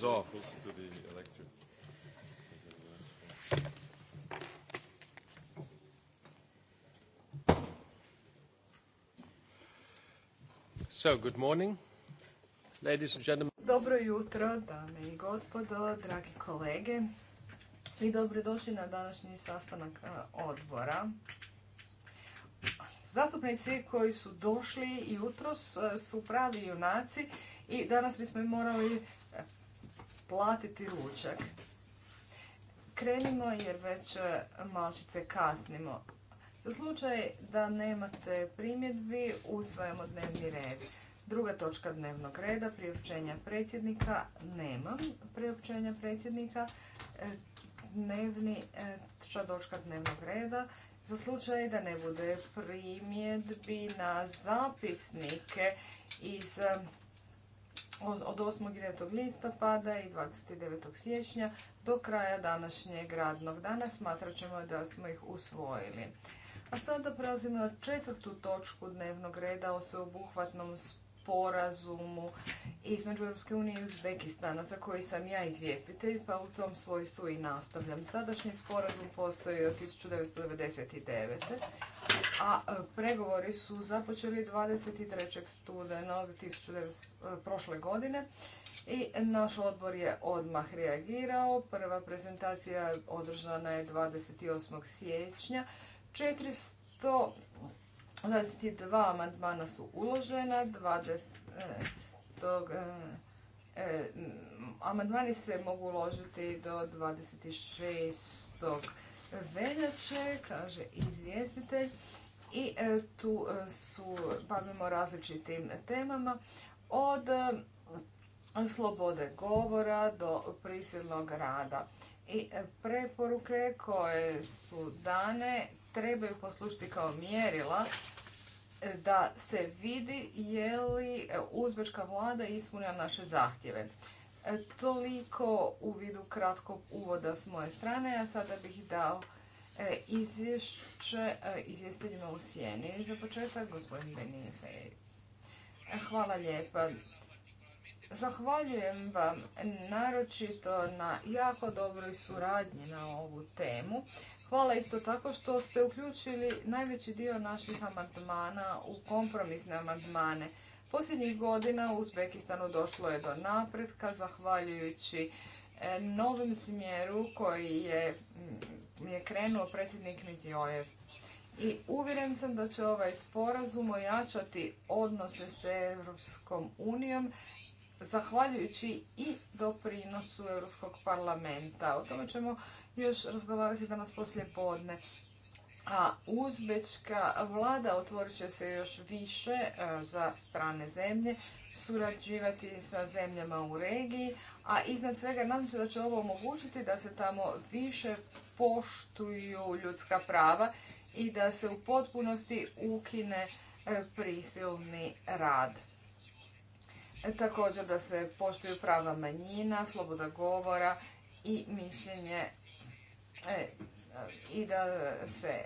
So. So, good morning, ladies and gentlemen. Dobro jutro, dame i gospodo, dragi kolege i dobrodošli na današnji sastanak e, odbora. Zastupnici koji su došli jutros e, su pravi junaci i danas bismo morali e, platiti ručak. Krenimo jer već e, malčice kasnimo. Za slučaj da nemate primjedbi, usvajamo dnevni red. Druga točka dnevnog reda, priopćenja predsjednika, nemam priopćenja predsjednika. Dnevni, točka dnevnog reda za slučaj da ne bude primjedbi na zapisnike iz eh, od 8. i 9. listopada i 29. siječnja do kraja današnjeg radnog dana smatrat ćemo da smo ih usvojili. A sada prelazimo na četvrtu točku dnevnog reda o sveobuhvatnom spolu sporazumu između Europske unije i Uzbekistana za koji sam ja izvjestitelj, pa u tom svojstvu i nastavljam. Sadašnji sporazum postoji od 1999. a e, pregovori su započeli 23. studenog e, prošle godine i naš odbor je odmah reagirao. Prva prezentacija održana je 28. siječnja. 400 22 amandmana su uložena, 20, e, e, e, amandmani se mogu uložiti do 26. veljače, kaže izvjestitelj. I tu su, bavimo različitim temama, od slobode govora do prisilnog rada. I preporuke koje su dane trebaju poslušiti kao mjerila e, da se vidi je li e, uzbečka vlada ispunila naše zahtjeve. E, toliko u vidu kratkog uvoda s moje strane, a sada bih dao izvješće izvjestiteljima u sjeni. Za početak, gospodin Benije Fej. Hvala lijepa. Zahvaljujem vam naročito na jako dobroj suradnji na ovu temu. Hvala isto tako što ste uključili najveći dio naših amandmana u kompromisne amandmane. Posljednjih godina u Uzbekistanu došlo je do napretka zahvaljujući e, novim smjeru koji mm, je, krenuo predsjednik Midziojev. I uvjeren sam da će ovaj sporazum ojačati odnose s Europskom unijom zahvaljujući i doprinosu Europskog parlamenta. O tome ćemo još razgovarati danas poslije podne. A uzbečka vlada otvorit će se još više e, za strane zemlje, surađivati sa zemljama u regiji, a iznad svega nadam se da će ovo omogućiti da se tamo više poštuju ljudska prava i da se u potpunosti ukine e, prisilni rad. E, također da se poštuju prava manjina, sloboda govora i mišljenje e, i da se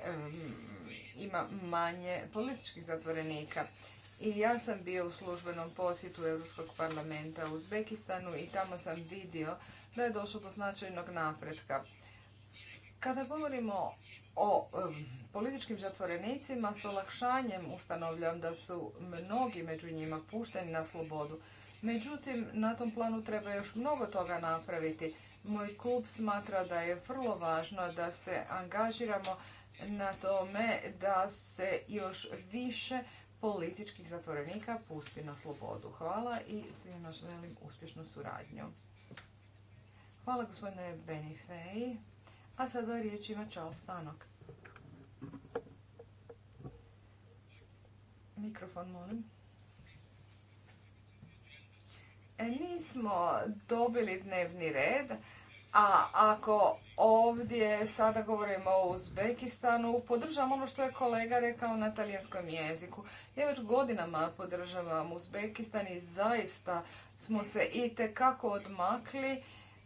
ima manje političkih zatvorenika. I ja sam bio u službenom posjetu Europskog parlamenta u Uzbekistanu i tamo sam vidio da je došlo do značajnog napretka. Kada govorimo o političkim zatvorenicima s olakšanjem ustanovljam da su mnogi među njima pušteni na slobodu. Međutim, na tom planu treba još mnogo toga napraviti. Moj klub smatra da je vrlo važno da se angažiramo na tome da se još više političkih zatvorenika pusti na slobodu. Hvala i svima želim uspješnu suradnju. Hvala gospodine Benifej. A sada riječ ima Charles Stanok. Mikrofon, molim. E, nismo dobili dnevni red, a ako ovdje sada govorimo o Uzbekistanu, podržavam ono što je kolega rekao na talijanskom jeziku. Ja već godinama podržavam Uzbekistan i zaista smo se i kako odmakli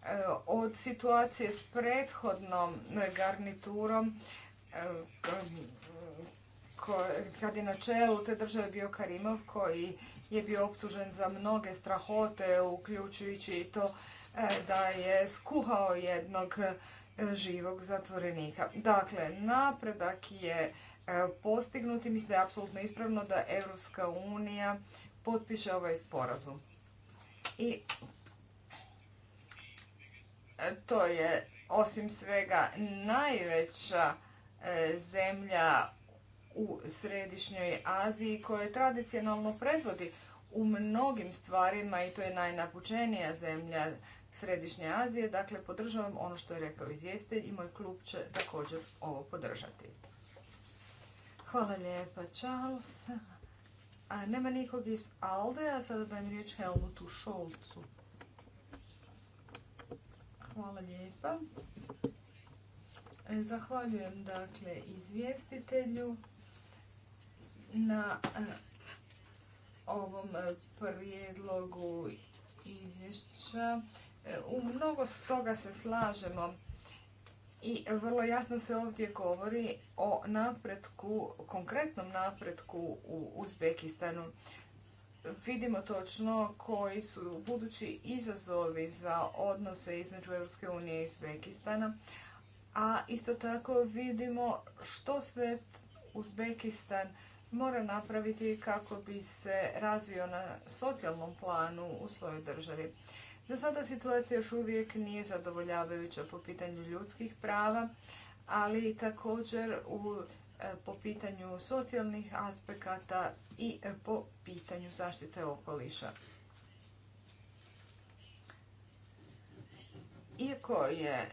E, od situacije s prethodnom garniturom e, kad je na čelu te države bio Karimov koji je bio optužen za mnoge strahote, uključujući i to e, da je skuhao jednog živog zatvorenika. Dakle, napredak je postignut i mislim da je apsolutno ispravno da Europska unija potpiše ovaj sporazum. I to je osim svega najveća e, zemlja u Središnjoj Aziji koja tradicionalno predvodi u mnogim stvarima i to je najnapučenija zemlja Središnje Azije. Dakle, podržavam ono što je rekao izvjestitelj i moj klub će također ovo podržati. Hvala lijepa, Charles. nema nikog iz Alde, a sada dajem riječ Helmutu Šolcu. Hvala lijepa. E, zahvaljujem dakle izvjestitelju na e, ovom e, prijedlogu izvješća. U mnogo stoga se slažemo i vrlo jasno se ovdje govori o napretku, konkretnom napretku u Uzbekistanu vidimo točno koji su budući izazovi za odnose između Europske unije i Uzbekistana, a isto tako vidimo što sve Uzbekistan mora napraviti kako bi se razvio na socijalnom planu u svojoj državi. Za sada situacija još uvijek nije zadovoljavajuća po pitanju ljudskih prava, ali također u E, po pitanju socijalnih aspekata i e, po pitanju zaštite okoliša. Iako je e,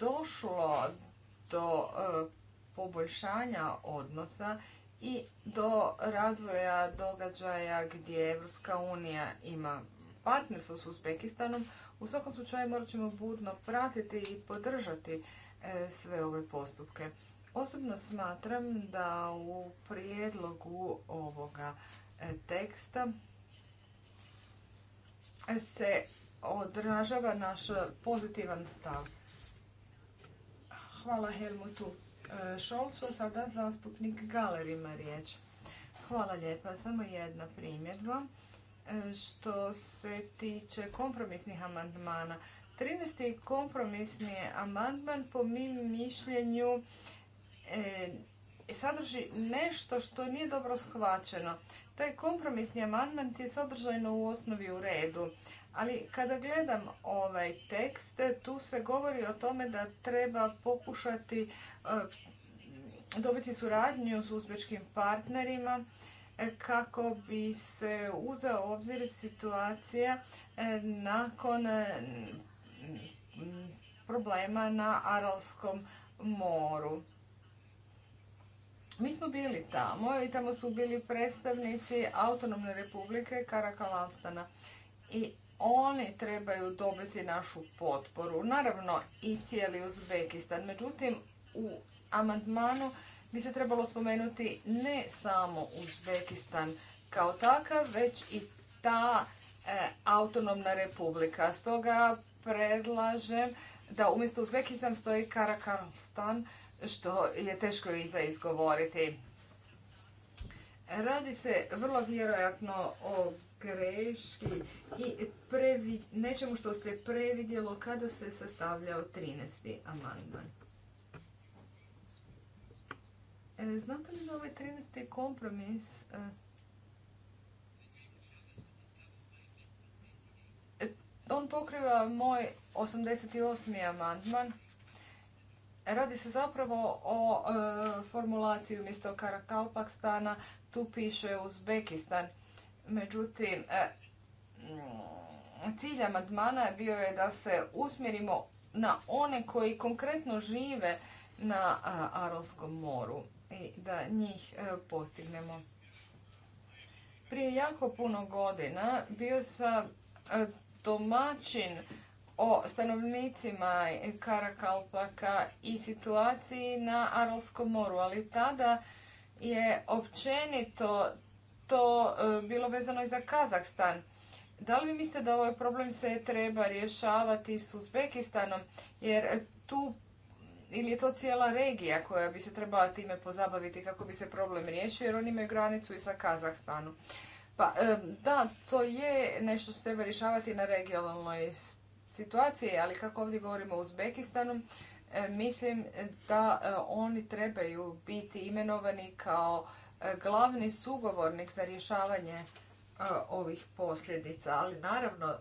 došlo do poboljšanja odnosa i do razvoja događaja gdje Evropska unija ima partnerstvo s Uzbekistanom, u svakom slučaju morat ćemo budno pratiti i podržati sve ove postupke. Osobno smatram da u prijedlogu ovoga e, teksta se odražava naš pozitivan stav. Hvala Helmutu e, Šolcu, sada zastupnik galerima riječ. Hvala lijepa, samo jedna primjedba. E, što se tiče kompromisnih amandmana, 13. kompromisni amandman po mim mišljenju E, sadrži nešto što nije dobro shvaćeno. Taj kompromisni amandman je sadržajno u osnovi u redu, ali kada gledam ovaj tekst, tu se govori o tome da treba pokušati e, dobiti suradnju s uzbečkim partnerima e, kako bi se uzeo u obzir situacija nakon problema na Aralskom moru. Mi smo bili tamo i tamo su bili predstavnici Autonomne republike Karakalastana i oni trebaju dobiti našu potporu. Naravno i cijeli Uzbekistan. Međutim, u amandmanu bi se trebalo spomenuti ne samo Uzbekistan kao takav, već i ta e, autonomna republika. Stoga predlažem da umjesto Uzbekistan stoji Karakalstan, što je teško i za izgovoriti. Radi se vrlo vjerojatno o greški i nečemu što se previdjelo kada se sastavljao 13. amandman. E, znate li da ovaj 13. kompromis e, e, on pokriva moj 88. amandman Radi se zapravo o e, formulaciji umjesto Karakalpakstana, tu piše Uzbekistan. Međutim, e, cilj amandmana bio je da se usmjerimo na one koji konkretno žive na Aralskom moru i da njih e, postignemo. Prije jako puno godina bio sam e, domaćin o stanovnicima Karakalpaka i situaciji na Aralskom moru, ali tada je općenito to e, bilo vezano i za Kazahstan. Da li vi mislite da ovaj problem se treba rješavati s Uzbekistanom, jer tu ili je to cijela regija koja bi se trebala time pozabaviti kako bi se problem riješio, jer oni imaju granicu i sa Kazahstanom. Pa e, da, to je nešto što treba rješavati na regionalnoj situacije, ali kako ovdje govorimo o Uzbekistanu, e, mislim da e, oni trebaju biti imenovani kao e, glavni sugovornik za rješavanje ovih posljedica, ali naravno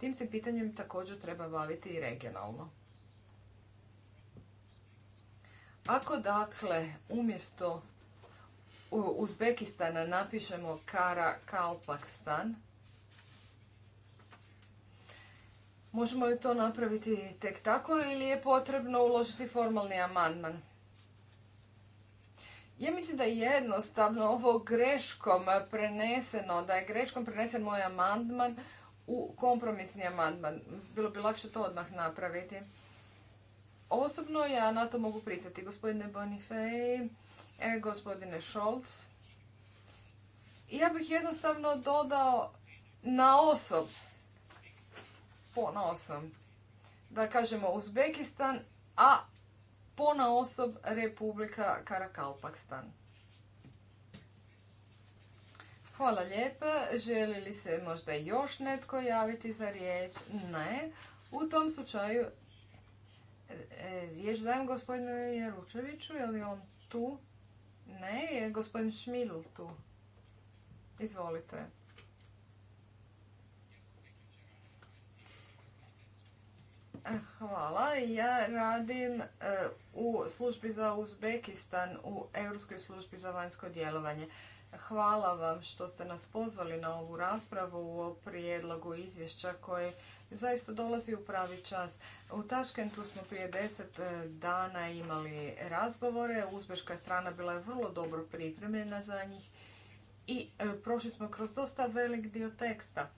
tim se pitanjem također treba baviti i regionalno. Ako dakle umjesto Uzbekistana napišemo Kara Kalpakstan, Možemo li to napraviti tek tako ili je potrebno uložiti formalni amandman? Ja mislim da je jednostavno ovo greškom preneseno, da je greškom prenesen moj amandman u kompromisni amandman. Bilo bi lakše to odmah napraviti. Osobno ja na to mogu pristati. Gospodine Bonifej, e, gospodine Scholz. Ja bih jednostavno dodao na osob osam. Da kažemo Uzbekistan, a osob Republika Karakalpakstan. Hvala lijepa. Želi li se možda još netko javiti za riječ? Ne. U tom slučaju e, riječ dajem gospodinu Jeručeviću. Je li on tu? Ne, je gospodin Šmidl tu. Izvolite. Hvala. Ja radim e, u službi za Uzbekistan u Europskoj službi za vanjsko djelovanje. Hvala vam što ste nas pozvali na ovu raspravu o prijedlogu izvješća koje zaista dolazi u pravi čas. U Taškentu smo prije deset e, dana imali razgovore. Uzbeška strana bila je vrlo dobro pripremljena za njih i e, prošli smo kroz dosta velik dio teksta.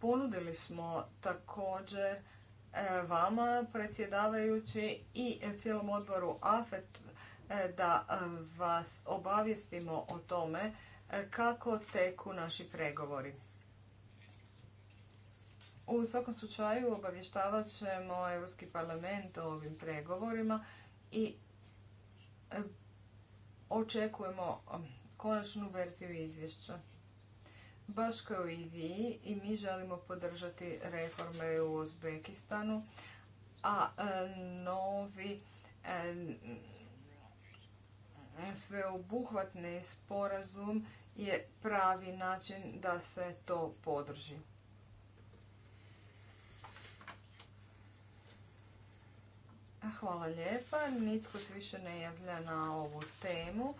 Ponudili smo također E, vama predsjedavajući i cijelom odboru AFET e, da e, vas obavijestimo o tome kako teku naši pregovori. U svakom slučaju obavještavat ćemo Europski parlament o ovim pregovorima i očekujemo konačnu verziju izvješća. Baš kao i vi i mi želimo podržati reforme u Uzbekistanu, a e, novi e, sveobuhvatni sporazum je pravi način da se to podrži. Hvala lijepa. Nitko se više ne javlja na ovu temu.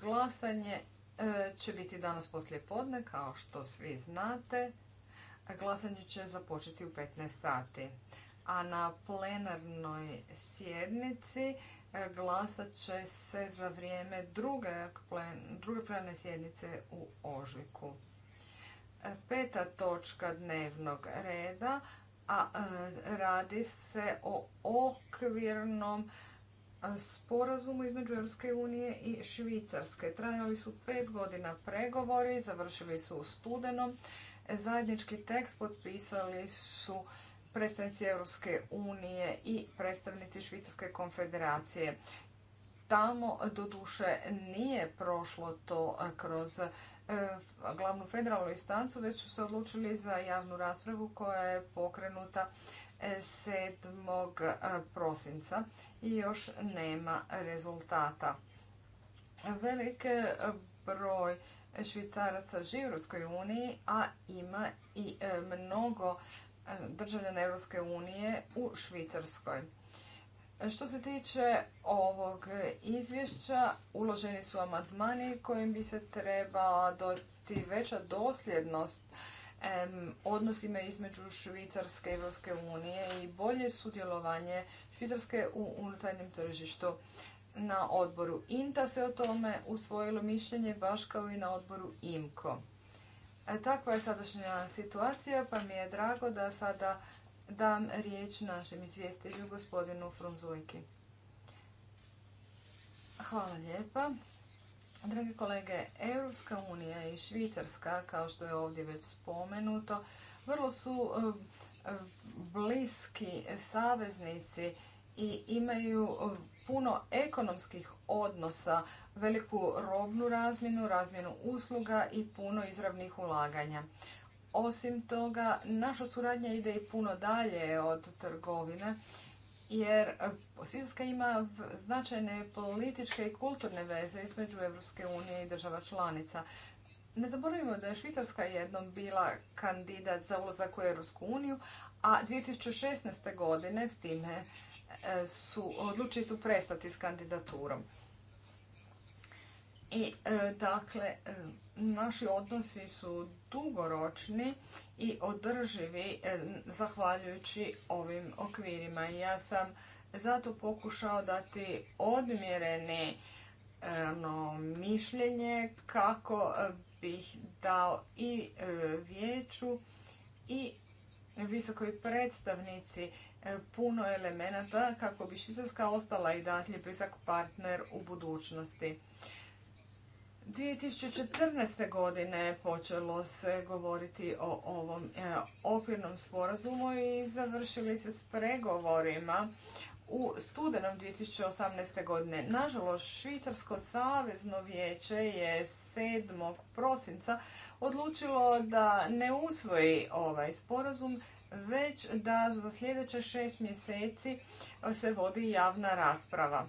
Glasanje E, će biti danas poslije podne, kao što svi znate. Glasanje će započeti u 15 sati. A na plenarnoj sjednici e, glasat će se za vrijeme druge, druge plenarne sjednice u Ožujku. E, peta točka dnevnog reda, a radi se o okvirnom sporazumu između Europske unije i Švicarske. Trajali su pet godina pregovori, završili su u studenom. E, zajednički tekst potpisali su predstavnici Europske unije i predstavnici Švicarske konfederacije. Tamo doduše nije prošlo to e, kroz e, glavnu federalnu istancu, već su se odlučili za javnu raspravu koja je pokrenuta 7. prosinca i još nema rezultata. Velik broj švicaraca živi u Europskoj uniji, a ima i e, mnogo e, državljana Europske unije u Švicarskoj. Što se tiče ovog izvješća, uloženi su amandmani kojim bi se trebala doti veća dosljednost odnosima između Švicarske i Evropske unije i bolje sudjelovanje Švicarske u unutarnjem tržištu. Na odboru INTA se o tome usvojilo mišljenje baš kao i na odboru IMKO. E, takva je sadašnja situacija pa mi je drago da sada dam riječ našem izvjestitelju gospodinu Frunzujki. Hvala lijepa. Dragi kolege, Europska unija i Švicarska, kao što je ovdje već spomenuto, vrlo su eh, bliski saveznici i imaju eh, puno ekonomskih odnosa, veliku robnu razmjenu, razmjenu usluga i puno izravnih ulaganja. Osim toga, naša suradnja ide i puno dalje od trgovine jer eh, Svjetska ima značajne političke i kulturne veze između Europske unije i država članica. Ne zaboravimo da je Švicarska jednom bila kandidat za ulazak u Europsku uniju, a 2016. godine s time eh, su, odlučili su prestati s kandidaturom. I e, dakle, e, naši odnosi su dugoročni i održivi e, zahvaljujući ovim okvirima. Ja sam zato pokušao dati odmjereni ono, mišljenje kako bih dao i vijeću i visokoj predstavnici puno elemenata kako bi Švicarska ostala i dalje blizak partner u budućnosti. 2014. godine počelo se govoriti o ovom e, okvirnom sporazumu i završili se s pregovorima u studenom 2018. godine. Nažalost, Švicarsko savezno vijeće je 7. prosinca odlučilo da ne usvoji ovaj sporazum, već da za sljedeće šest mjeseci se vodi javna rasprava.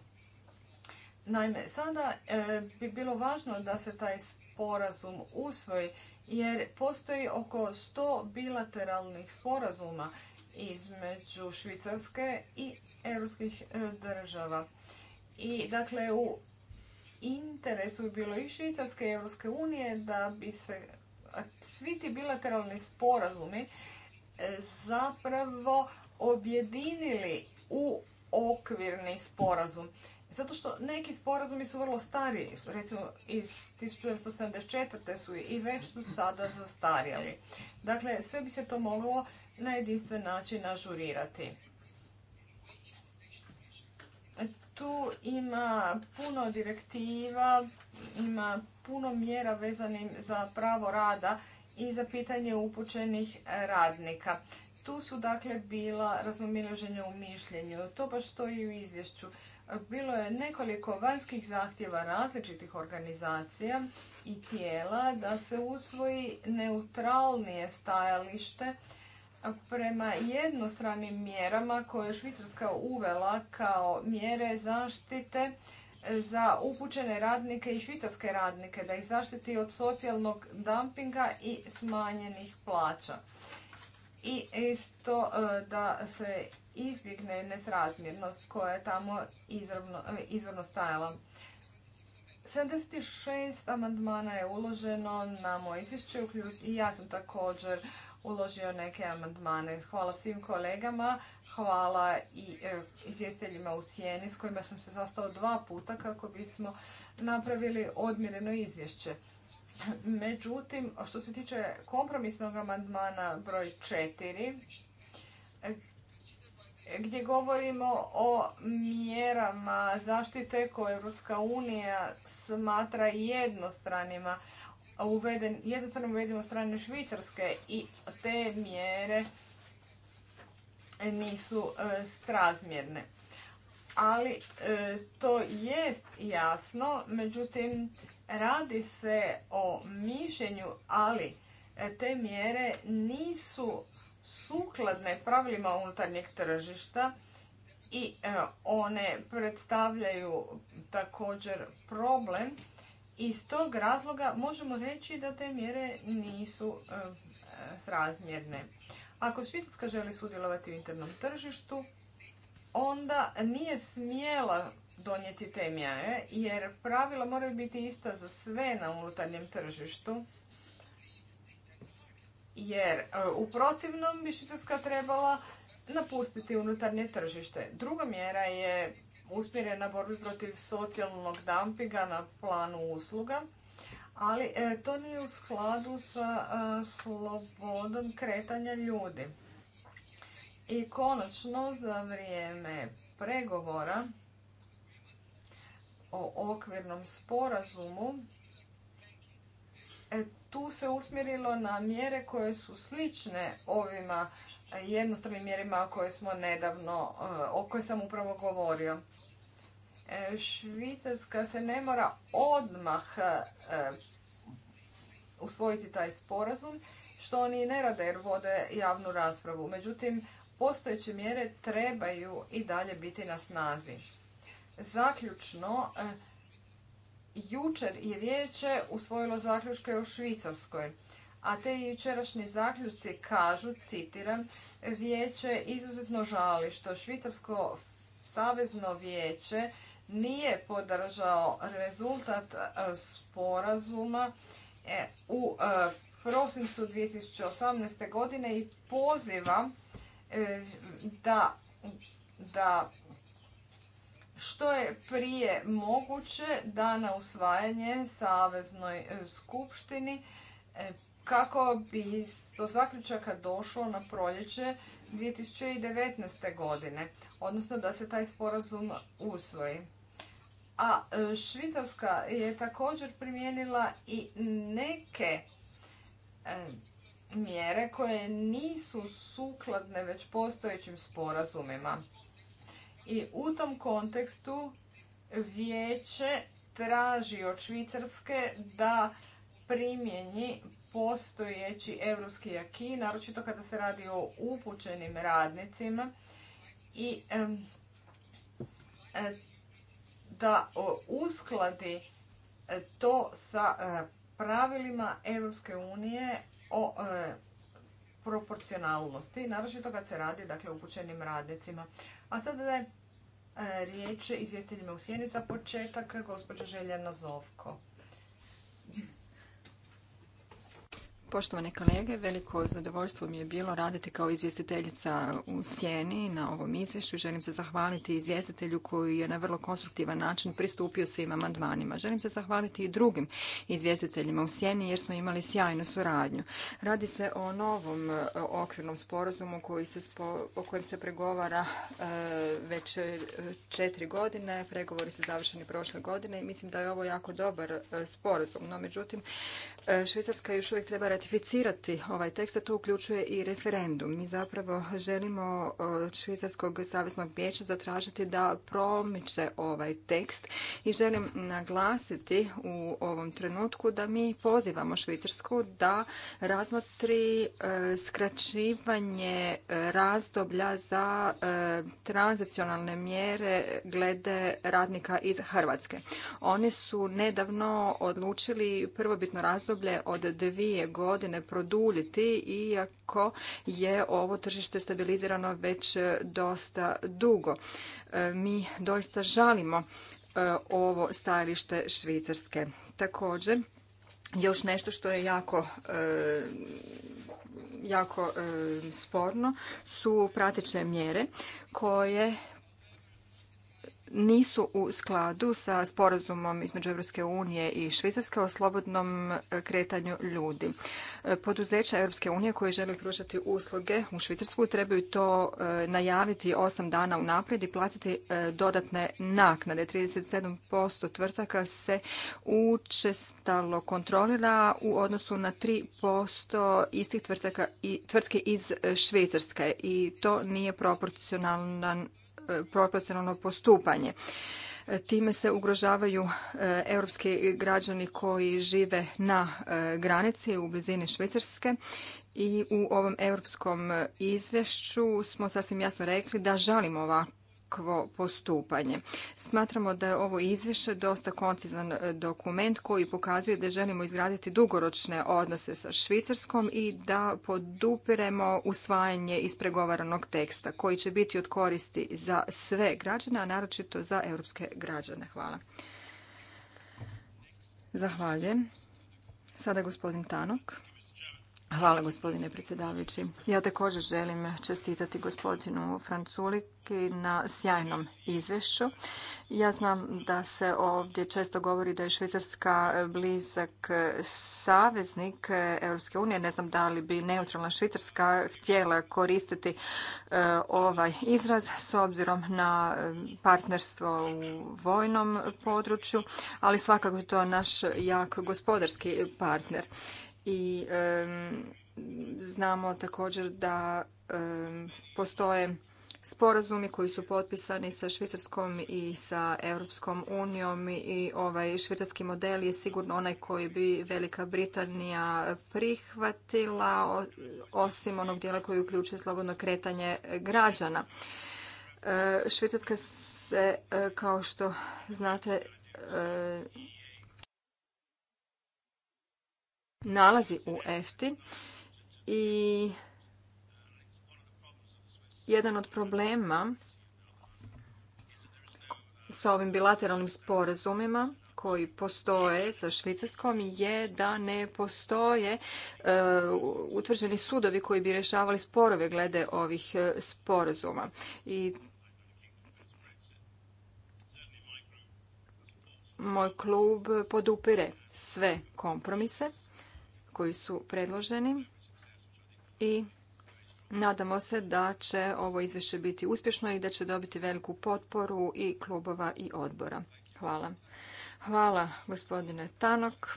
Naime, sada e, bi bilo važno da se taj sporazum usvoji jer postoji oko 100 bilateralnih sporazuma između Švicarske i europskih e, država. I dakle u interesu je bilo i Švicarske i Europske unije da bi se svi ti bilateralni sporazumi e, zapravo objedinili u okvirni sporazum. Zato što neki sporazumi su vrlo stari, recimo iz 1974. su i već su sada zastarjeli. Dakle, sve bi se to moglo na jedinstven način ažurirati. Tu ima puno direktiva, ima puno mjera vezanim za pravo rada i za pitanje upućenih radnika. Tu su dakle bila razmomiloženja u mišljenju, to baš stoji u izvješću. Bilo je nekoliko vanjskih zahtjeva različitih organizacija i tijela da se usvoji neutralnije stajalište prema jednostranim mjerama koje je Švicarska uvela kao mjere zaštite za upućene radnike i švicarske radnike, da ih zaštiti od socijalnog dumpinga i smanjenih plaća. I isto e, da se izbjegne nesrazmjernost koja je tamo izravno, e, izvorno stajala. 76 amandmana je uloženo na moje izvješće i ja sam također uložio neke amandmane. Hvala svim kolegama, hvala i e, u sjeni s kojima sam se zastao dva puta kako bismo napravili odmjereno izvješće. Međutim, što se tiče kompromisnog amandmana broj 4, gdje govorimo o mjerama zaštite koje Europska unija smatra jednostranima, uveden, jednostrano uvedimo strane Švicarske i te mjere nisu e, strazmjerne. Ali e, to jest jasno, međutim radi se o mišljenju, ali e, te mjere nisu sukladne pravilima unutarnjeg tržišta i e, one predstavljaju također problem. Iz tog razloga možemo reći da te mjere nisu e, srazmjerne. Ako Švicarska želi sudjelovati u internom tržištu, onda nije smjela donijeti te mjere jer pravila moraju biti ista za sve na unutarnjem tržištu jer e, u protivnom bi Švicarska trebala napustiti unutarnje tržište. Druga mjera je usmjerena borbi protiv socijalnog dampinga na planu usluga, ali e, to nije u skladu sa e, slobodom kretanja ljudi. I konačno za vrijeme pregovora o okvirnom sporazumu tu se usmjerilo na mjere koje su slične ovima jednostavnim mjerima koje smo nedavno, eh, o kojoj sam upravo govorio. Eh, Švicarska se ne mora odmah eh, usvojiti taj sporazum, što oni ne rade jer vode javnu raspravu. Međutim, postojeće mjere trebaju i dalje biti na snazi. Zaključno, Jučer je vijeće usvojilo zaključke o Švicarskoj, a te jučerašnji zaključci kažu, citiram, vijeće izuzetno žali što Švicarsko savezno vijeće nije podržao rezultat e, sporazuma e, u e, prosincu 2018. godine i poziva da, da što je prije moguće da na usvajanje Saveznoj e, skupštini e, kako bi do zaključaka došlo na proljeće 2019. godine, odnosno da se taj sporazum usvoji. A e, Švicarska je također primijenila i neke mjere koje nisu sukladne već postojećim sporazumima. I u tom kontekstu vijeće traži od Švicarske da primijeni postojeći evropski aki, naročito kada se radi o upućenim radnicima i e, da uskladi to sa e, pravilima Europske unije o e, proporcionalnosti, naročito kad se radi dakle, upućenim radnicima. A sada da je e, riječ izvjestiteljima u sjeni za početak gospođa Željana Zovko. Poštovane kolege, veliko zadovoljstvo mi je bilo raditi kao izvjestiteljica u Sjeni na ovom izvješću. Želim se zahvaliti izvjestitelju koji je na vrlo konstruktivan način pristupio svim amandmanima. Želim se zahvaliti i drugim izvjestiteljima u Sjeni jer smo imali sjajnu suradnju. Radi se o novom e, okvirnom sporazumu se o kojem se pregovara e, već e, četiri godine. Pregovori su završeni prošle godine i mislim da je ovo jako dobar sporazum. No, međutim, Švicarska još uvijek treba ratificirati ovaj tekst, a to uključuje i referendum. Mi zapravo želimo od Švicarskog saveznog vijeća zatražiti da promiče ovaj tekst i želim naglasiti u ovom trenutku da mi pozivamo Švicarsku da razmotri e, skraćivanje e, razdoblja za e, tranzicionalne mjere glede radnika iz Hrvatske. Oni su nedavno odlučili prvobitno razdoblje od dvije godine godine produljiti iako je ovo tržište stabilizirano već e, dosta dugo. E, mi doista žalimo e, ovo stajalište Švicarske. Također, još nešto što je jako jako sporno su prateće mjere koje nisu u skladu sa sporazumom između Europske unije i Švicarske o slobodnom e, kretanju ljudi. E, poduzeća Evropske unije koje žele pružati usluge u Švicarsku trebaju to e, najaviti osam dana unaprijed i platiti dodatne naknade. 37% tvrtaka se učestalo kontrolira u odnosu na 3% istih tvrtaka i tvrtki iz Švicarske i to nije proporcionalan proporcionalno postupanje. Time se ugrožavaju e, europski građani koji žive na e, granici u blizini Švicarske i u ovom europskom e, izvješću smo sasvim jasno rekli da žalimo ovakvu takvo postupanje. Smatramo da je ovo izvješće dosta koncizan e, dokument koji pokazuje da želimo izgraditi dugoročne odnose sa Švicarskom i da podupiremo usvajanje ispregovaranog teksta koji će biti od koristi za sve građane, a naročito za europske građane. Hvala. Zahvaljujem. Sada gospodin Tanok. Hvala gospodine predsjedavajući. Ja također želim čestitati gospodinu Franculiki na sjajnom izvješću. Ja znam da se ovdje često govori da je Švicarska blizak saveznik Europske unije. Ne znam da li bi neutralna Švicarska htjela koristiti e, ovaj izraz s obzirom na e, partnerstvo u vojnom području, ali svakako je to naš jak gospodarski partner i znamo također da postoje sporazumi koji su potpisani sa Švicarskom i sa Europskom unijom i ovaj švicarski model je sigurno onaj koji bi Velika Britanija prihvatila osim onog dijela koji uključuje slobodno kretanje građana. E, Švicarska se e, kao što znate e, nalazi u EFTI i jedan od problema sa ovim bilateralnim sporazumima koji postoje sa Švicarskom je da ne postoje e, utvrđeni sudovi koji bi rješavali sporove glede ovih e, sporazuma. I moj klub podupire sve kompromise koji su predloženi i nadamo se da će ovo izvješće biti uspješno i da će dobiti veliku potporu i klubova i odbora. Hvala. Hvala gospodine Tanok.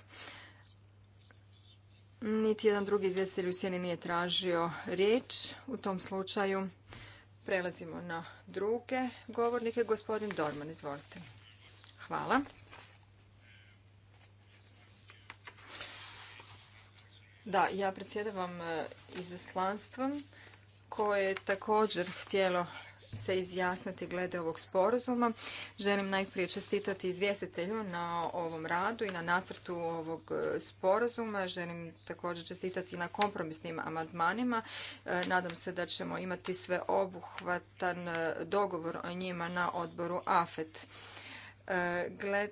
Niti jedan drugi izvjestitelj u sjeni nije tražio riječ. U tom slučaju prelazimo na druge govornike. Gospodin Dorman, izvolite. Hvala. Da, ja predsjedavam e, izaslanstvom koje je također htjelo se izjasniti glede ovog sporazuma. Želim najprije čestitati izvjestitelju na ovom radu i na nacrtu ovog e, sporazuma. Želim također čestitati na kompromisnim amandmanima. E, nadam se da ćemo imati sve obuhvatan dogovor o njima na odboru AFET. Gled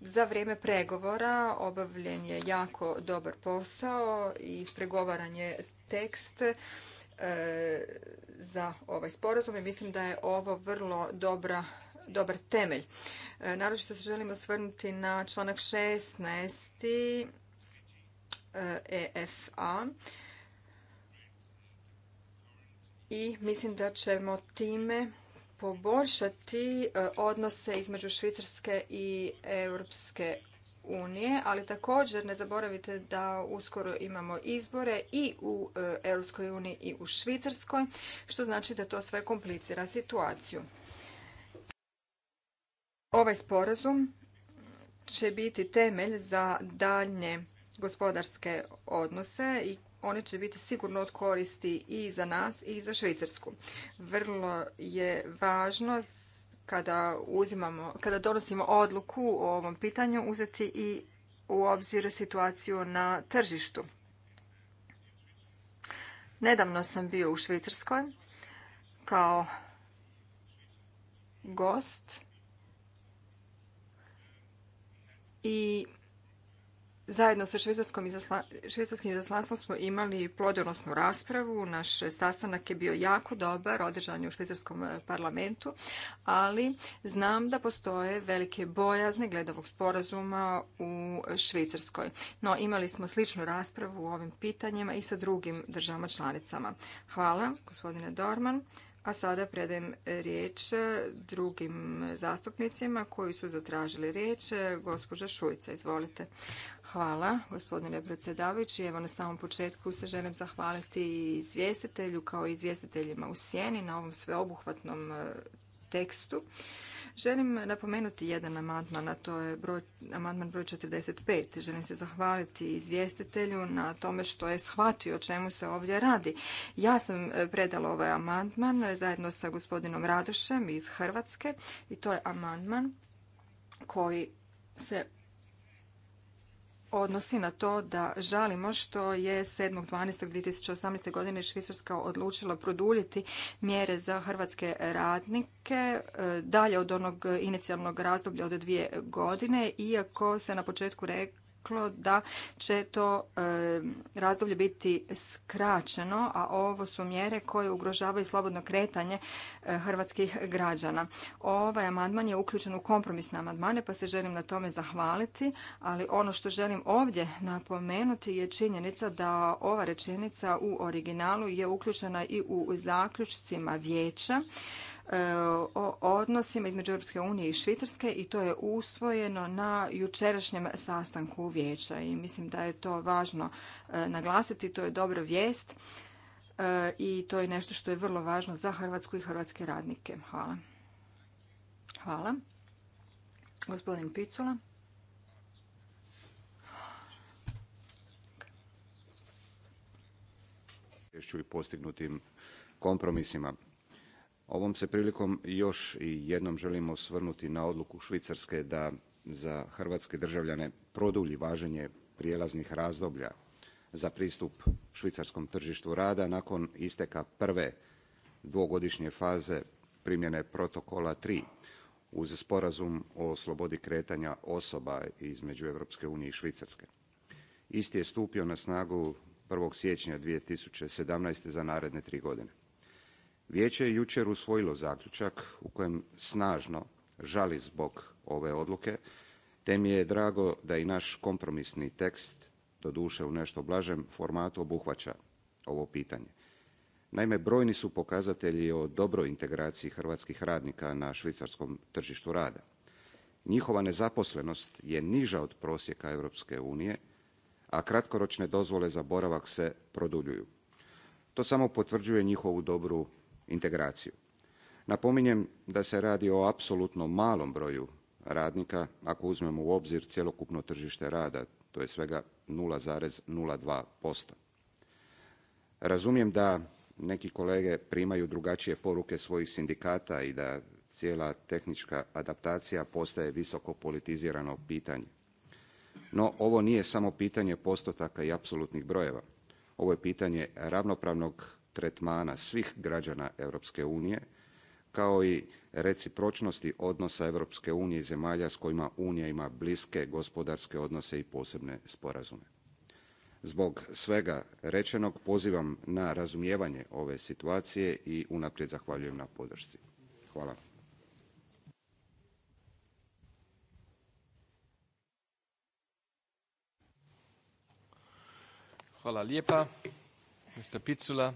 za vrijeme pregovora obavljen je jako dobar posao i ispregovaran je tekst e, za ovaj sporazum i mislim da je ovo vrlo dobra, dobar temelj. E, naročito se želimo osvrnuti na članak 16. EFA e i mislim da ćemo time poboljšati e, odnose između Švicarske i Europske unije, ali također ne zaboravite da uskoro imamo izbore i u e, Europskoj uniji i u Švicarskoj, što znači da to sve komplicira situaciju. Ovaj sporazum će biti temelj za daljnje gospodarske odnose i one će biti sigurno od koristi i za nas i za Švicarsku. Vrlo je važno kada, uzimamo, kada donosimo odluku o ovom pitanju uzeti i u obzir situaciju na tržištu. Nedavno sam bio u Švicarskoj kao gost i Zajedno sa švicarskim izaslanstvom smo imali plodonosnu raspravu. Naš sastanak je bio jako dobar, održan je u švicarskom eh, parlamentu, ali znam da postoje velike bojazne gledovog sporazuma u Švicarskoj. No, imali smo sličnu raspravu u ovim pitanjima i sa drugim državama članicama. Hvala, gospodine Dorman. A sada predajem riječ drugim zastupnicima koji su zatražili riječ. Gospođa Šujca, izvolite. Hvala, gospodine predsjedavajući. Evo na samom početku se želim zahvaliti i izvjestitelju kao i izvjestiteljima u Sjeni na ovom sveobuhvatnom e, tekstu. Želim napomenuti jedan amandman, a to je broj, amandman broj 45. Želim se zahvaliti izvjestitelju na tome što je shvatio o čemu se ovdje radi. Ja sam e, predala ovaj amandman zajedno sa gospodinom Radošem iz Hrvatske i to je amandman koji se odnosi na to da žalimo što je 7.12.2018. godine Švicarska odlučila produljiti mjere za hrvatske radnike e, dalje od onog inicijalnog razdoblja od dvije godine, iako se na početku rekao reklo da će to e, razdoblje biti skraćeno, a ovo su mjere koje ugrožavaju slobodno kretanje e, hrvatskih građana. Ovaj amandman je uključen u kompromisne amandmane, pa se želim na tome zahvaliti, ali ono što želim ovdje napomenuti je činjenica da ova rečenica u originalu je uključena i u zaključcima vijeća E, o odnosima između Europske unije i Švicarske i to je usvojeno na jučerašnjem sastanku vijeća i mislim da je to važno e, naglasiti, to je dobra vijest e, i to je nešto što je vrlo važno za Hrvatsku i hrvatske radnike. Hvala. Hvala. Gospodin Picula. i postignutim kompromisima. Ovom se prilikom još i jednom želimo osvrnuti na odluku Švicarske da za hrvatske državljane produlji važenje prijelaznih razdoblja za pristup švicarskom tržištu rada nakon isteka prve dvogodišnje faze primjene protokola 3 uz sporazum o slobodi kretanja osoba između Europske unije i Švicarske. Isti je stupio na snagu 1. siječnja 2017. za naredne tri godine. Vijeće je jučer usvojilo zaključak u kojem snažno žali zbog ove odluke, te mi je drago da i naš kompromisni tekst, doduše u nešto blažem formatu, obuhvaća ovo pitanje. Naime, brojni su pokazatelji o dobroj integraciji hrvatskih radnika na švicarskom tržištu rada. Njihova nezaposlenost je niža od prosjeka Europske unije, a kratkoročne dozvole za boravak se produljuju. To samo potvrđuje njihovu dobru integraciju. Napominjem da se radi o apsolutno malom broju radnika ako uzmemo u obzir cjelokupno tržište rada, to je svega 0,02%. Razumijem da neki kolege primaju drugačije poruke svojih sindikata i da cijela tehnička adaptacija postaje visoko politizirano pitanje. No, ovo nije samo pitanje postotaka i apsolutnih brojeva. Ovo je pitanje ravnopravnog tretmana svih građana Europske unije, kao i recipročnosti odnosa Europske unije i zemalja s kojima Unija ima bliske gospodarske odnose i posebne sporazume. Zbog svega rečenog pozivam na razumijevanje ove situacije i unaprijed zahvaljujem na podršci. Hvala. Hvala lijepa. Mr. Picula.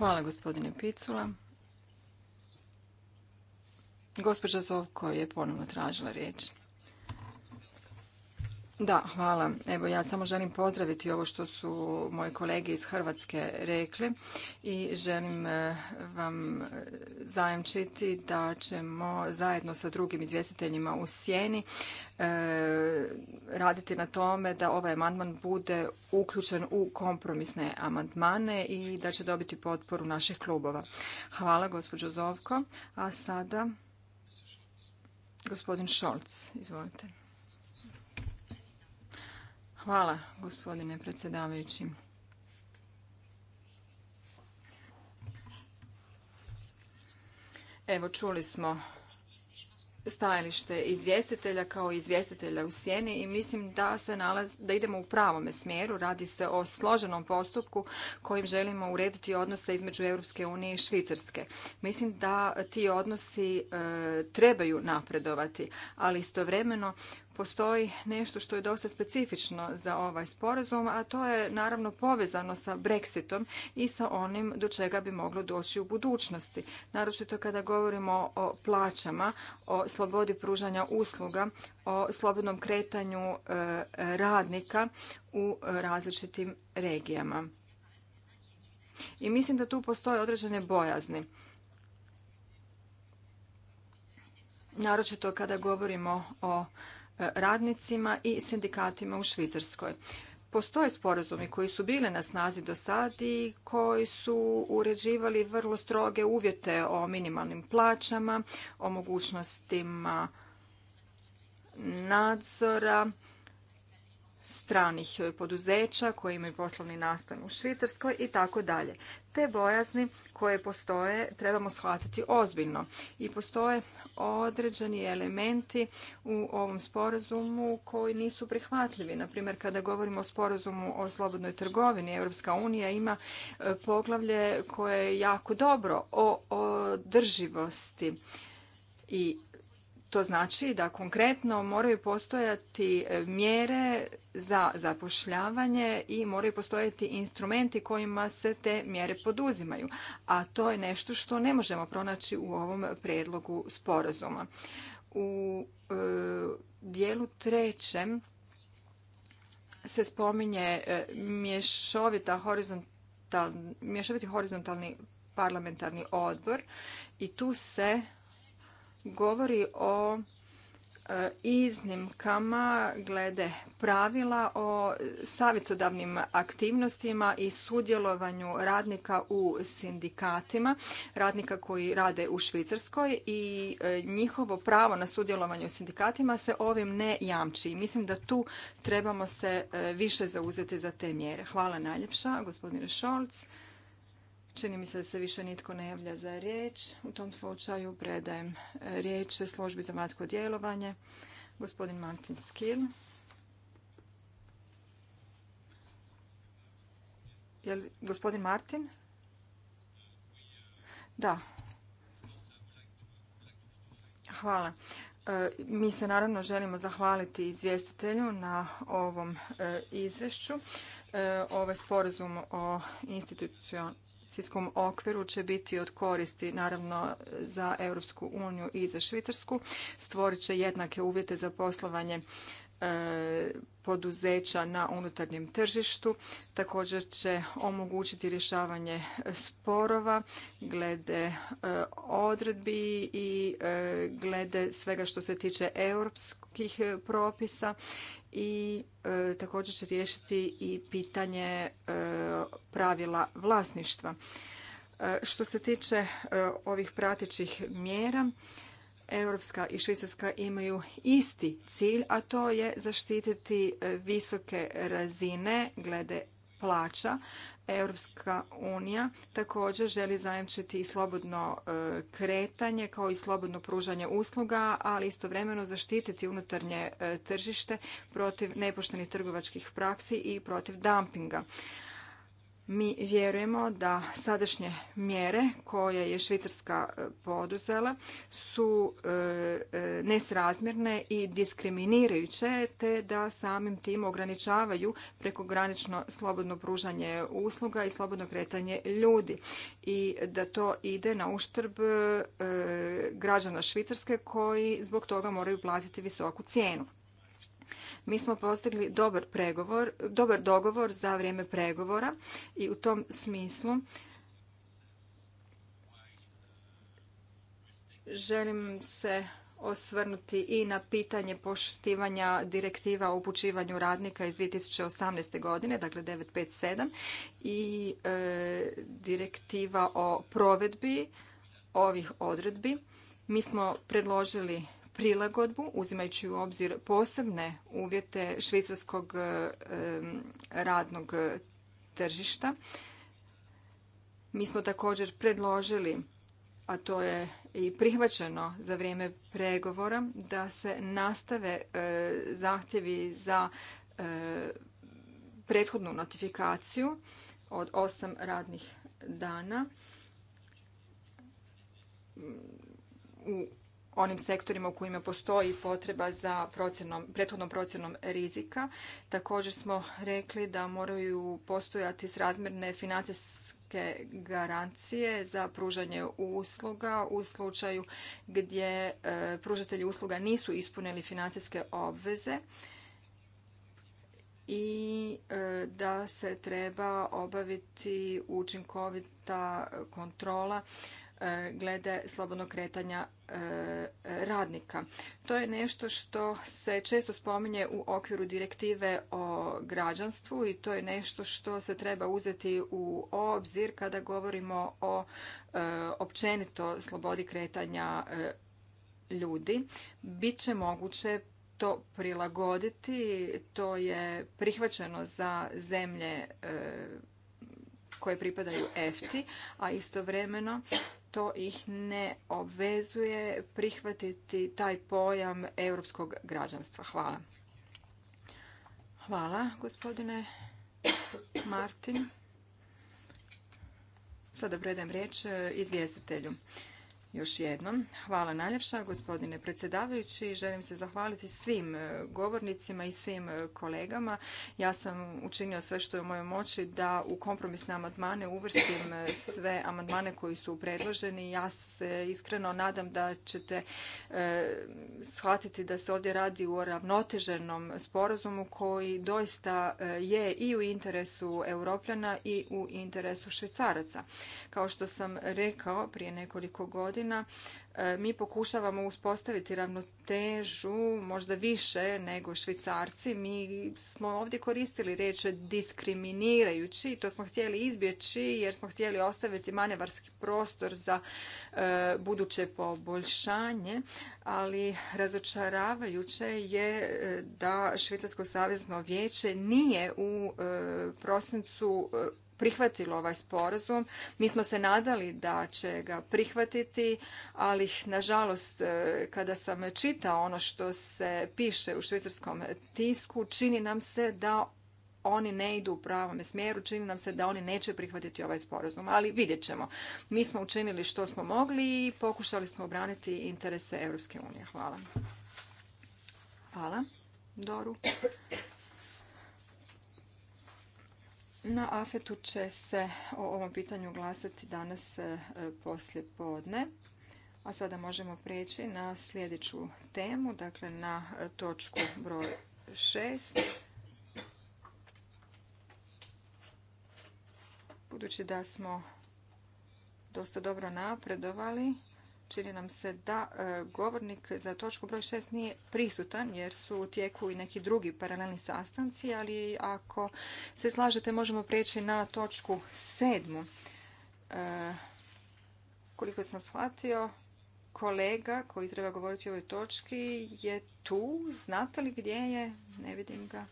Hvala gospodine Picula. Gospođa Zovko je ponovno tražila riječ. Da, hvala. Evo ja samo želim pozdraviti ovo što su moji kolege iz Hrvatske rekli i želim e, vam zajamčiti da ćemo zajedno sa drugim izvjestiteljima u sjeni e, raditi na tome da ovaj amandman bude uključen u kompromisne amandmane i da će dobiti potporu naših klubova. Hvala gospođo Zovko. A sada gospodin Šolc, izvolite. Hvala, gospodine predsjedavajući. Evo, čuli smo stajalište izvjestitelja kao izvjestitelja u sjeni i mislim da se da idemo u pravome smjeru. Radi se o složenom postupku kojim želimo urediti odnose između Europske unije i Švicarske. Mislim da ti odnosi e, trebaju napredovati, ali istovremeno postoji nešto što je dosta specifično za ovaj sporazum, a to je naravno povezano sa Brexitom i sa onim do čega bi moglo doći u budućnosti. Naročito kada govorimo o plaćama, o slobodi pružanja usluga, o slobodnom kretanju e, radnika u različitim regijama. I mislim da tu postoje određene bojazni. Naročito kada govorimo o E, radnicima i sindikatima u Švicarskoj. Postoje sporazumi koji su bili na snazi do sad i koji su uređivali vrlo stroge uvjete o minimalnim plaćama, o mogućnostima nadzora stranih e, poduzeća koji imaju poslovni nastan u Švicarskoj i tako dalje. Te bojazni koje postoje trebamo shvatiti ozbiljno i postoje određeni elementi u ovom sporazumu koji nisu prihvatljivi. Na kada govorimo o sporazumu o slobodnoj trgovini, Europska unija ima e, poglavlje koje je jako dobro o održivosti i to znači da konkretno moraju postojati mjere za zapošljavanje i moraju postojati instrumenti kojima se te mjere poduzimaju, a to je nešto što ne možemo pronaći u ovom predlogu sporazuma. U e, dijelu trećem se spominje e, mješovita mješoviti horizontalni parlamentarni odbor i tu se govori o e, iznimkama glede pravila o savjetodavnim aktivnostima i sudjelovanju radnika u sindikatima, radnika koji rade u Švicarskoj i e, njihovo pravo na sudjelovanje u sindikatima se ovim ne jamči. Mislim da tu trebamo se e, više zauzeti za te mjere. Hvala najljepša, gospodine Šolc. Čini mi se da se više nitko ne javlja za riječ. U tom slučaju predajem e, riječ službi za vanjsko djelovanje. Gospodin Martin Skil. gospodin Martin? Da. Hvala. E, mi se naravno želimo zahvaliti izvjestitelju na ovom e, izvješću. Ovaj sporazum o institucionalnom financijskom okviru će biti od koristi naravno za Europsku uniju i za Švicarsku. Stvorit će jednake uvjete za poslovanje e, poduzeća na unutarnjem tržištu. Također će omogućiti rješavanje sporova glede e, odredbi i e, glede svega što se tiče europskih propisa i e, također će riješiti i pitanje e, pravila vlasništva. E, što se tiče ovih pratećih mjera, Europska i Švicarska imaju isti cilj, a to je zaštititi visoke razine glede plaća Europska unija također želi zajamčiti i slobodno e, kretanje kao i slobodno pružanje usluga, ali istovremeno zaštititi unutarnje e, tržište protiv nepoštenih trgovačkih praksi i protiv dumpinga. Mi vjerujemo da sadašnje mjere koje je Švicarska e, poduzela su e, e, nesrazmjerne i diskriminirajuće te da samim tim ograničavaju prekogranično slobodno pružanje usluga i slobodno kretanje ljudi i da to ide na uštrb građana Švicarske koji zbog toga moraju platiti visoku cijenu. Mi smo postigli dobar, pregovor, dobar dogovor za vrijeme pregovora i u tom smislu želim se osvrnuti i na pitanje poštivanja direktiva o upućivanju radnika iz 2018. godine, dakle 957, i e, direktiva o provedbi ovih odredbi. Mi smo predložili prilagodbu uzimajući u obzir posebne uvjete švicarskog e, radnog tržišta. Mi smo također predložili, a to je i prihvaćeno za vrijeme pregovora, da se nastave e, zahtjevi za e, prethodnu notifikaciju od osam radnih dana u onim sektorima u kojima postoji potreba za procjenom, prethodnom procjenom rizika. Također smo rekli da moraju postojati srazmjerne financijske garancije za pružanje usluga u slučaju gdje e, pružatelji usluga nisu ispunili financijske obveze i e, da se treba obaviti učinkovita kontrola E, glede slobodnog kretanja e, radnika. To je nešto što se često spominje u okviru direktive o građanstvu i to je nešto što se treba uzeti u obzir kada govorimo o e, općenito slobodi kretanja ljudi. Biće moguće to prilagoditi, to je prihvaćeno za zemlje koje pripadaju EFTI, a istovremeno to ih ne obvezuje prihvatiti taj pojam europskog građanstva. Hvala. Hvala, gospodine Martin. Sada predajem riječ e, izvjestitelju još jednom. Hvala najljepša gospodine predsjedavajući. Želim se zahvaliti svim e, govornicima i svim e, kolegama. Ja sam učinio sve što je u mojoj moći da u kompromisne amandmane uvrstim e, sve amandmane koji su predloženi. Ja se iskreno nadam da ćete shvatiti da se ovdje radi u ravnoteženom sporazumu koji doista je i u interesu Europljana i u interesu Švicaraca. Kao što sam rekao prije nekoliko godina, E, mi pokušavamo uspostaviti ravnotežu možda više nego švicarci. Mi smo ovdje koristili riječi diskriminirajući i to smo htjeli izbjeći jer smo htjeli ostaviti manevarski prostor za e, buduće poboljšanje, ali razočaravajuće je e, da Švicarsko savezno vijeće nije u prosincu prihvatilo ovaj sporazum. Mi smo se nadali da će ga prihvatiti, ali nažalost e, kada sam čitao ono što se piše u švicarskom tisku, čini nam se da oni ne idu u pravom smjeru, čini nam se da oni neće prihvatiti ovaj sporazum, ali vidjet ćemo. Mi smo učinili što smo mogli i pokušali smo obraniti interese Europske unije. Hvala. Hvala, Doru. Na afetu će se o ovom pitanju glasati danas e, poslije podne. A sada možemo prijeći na sljedeću temu, dakle na e, točku broj 6. Budući da smo dosta dobro napredovali, čini nam se da e, govornik za točku broj 6 nije prisutan jer su u tijeku i neki drugi paralelni sastanci, ali ako se slažete možemo prijeći na točku sedmu. E, koliko sam shvatio, kolega koji treba govoriti o ovoj točki je tu. Znate li gdje je? Ne vidim ga.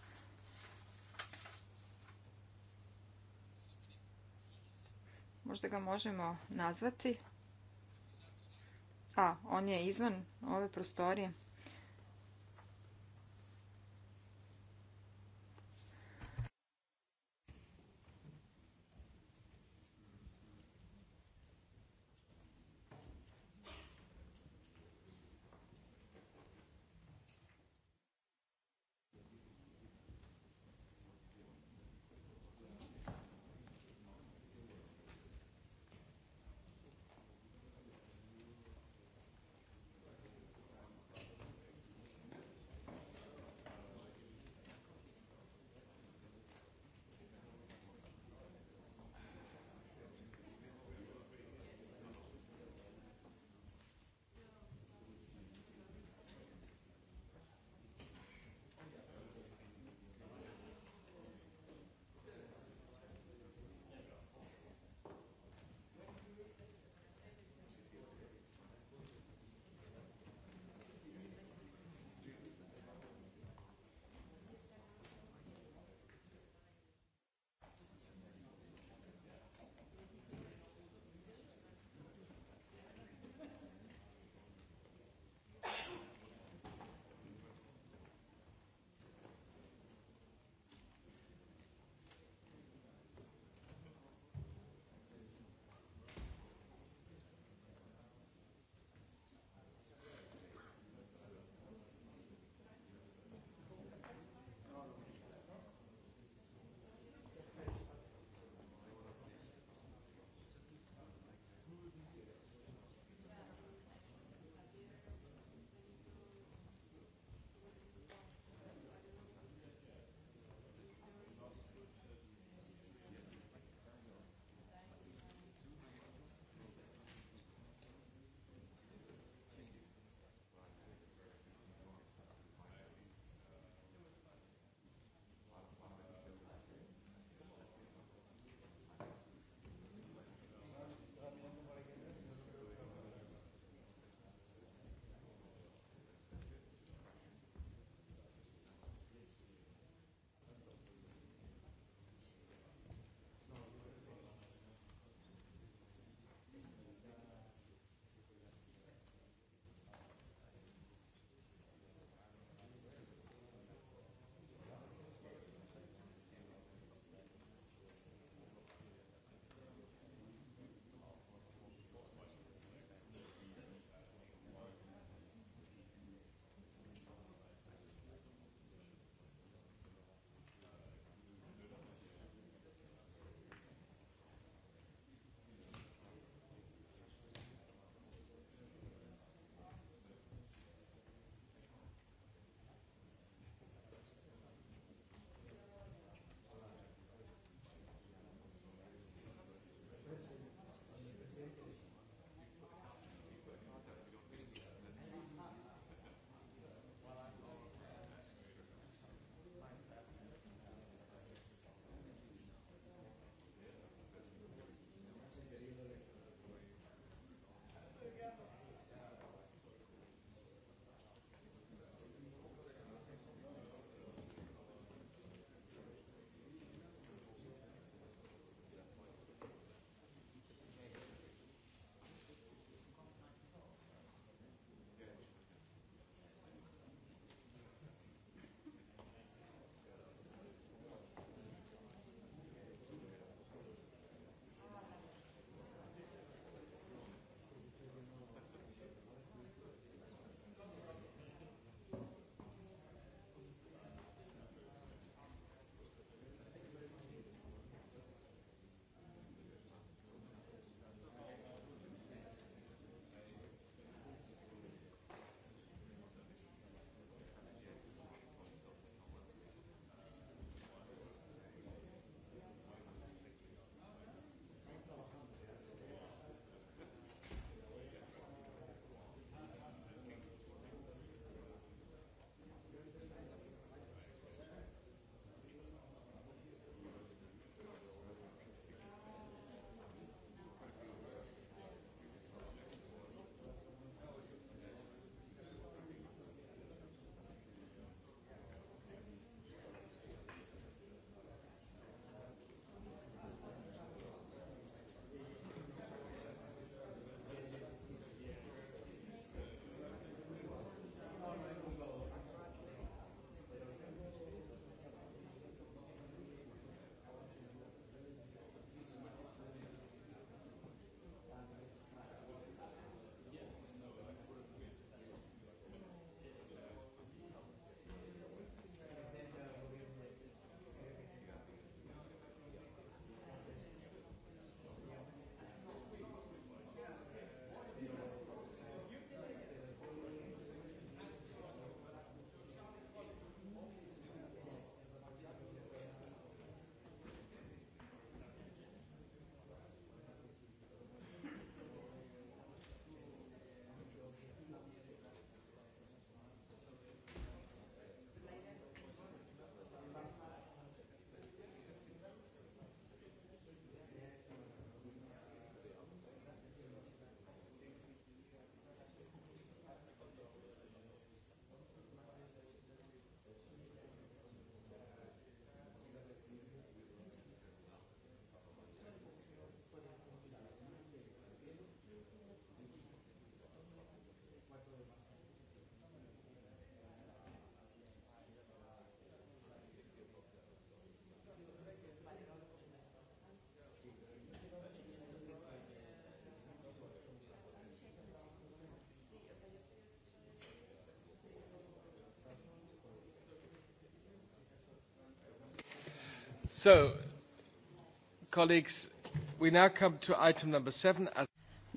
Možda ga možemo nazvati. A, on je izvan ove prostorije.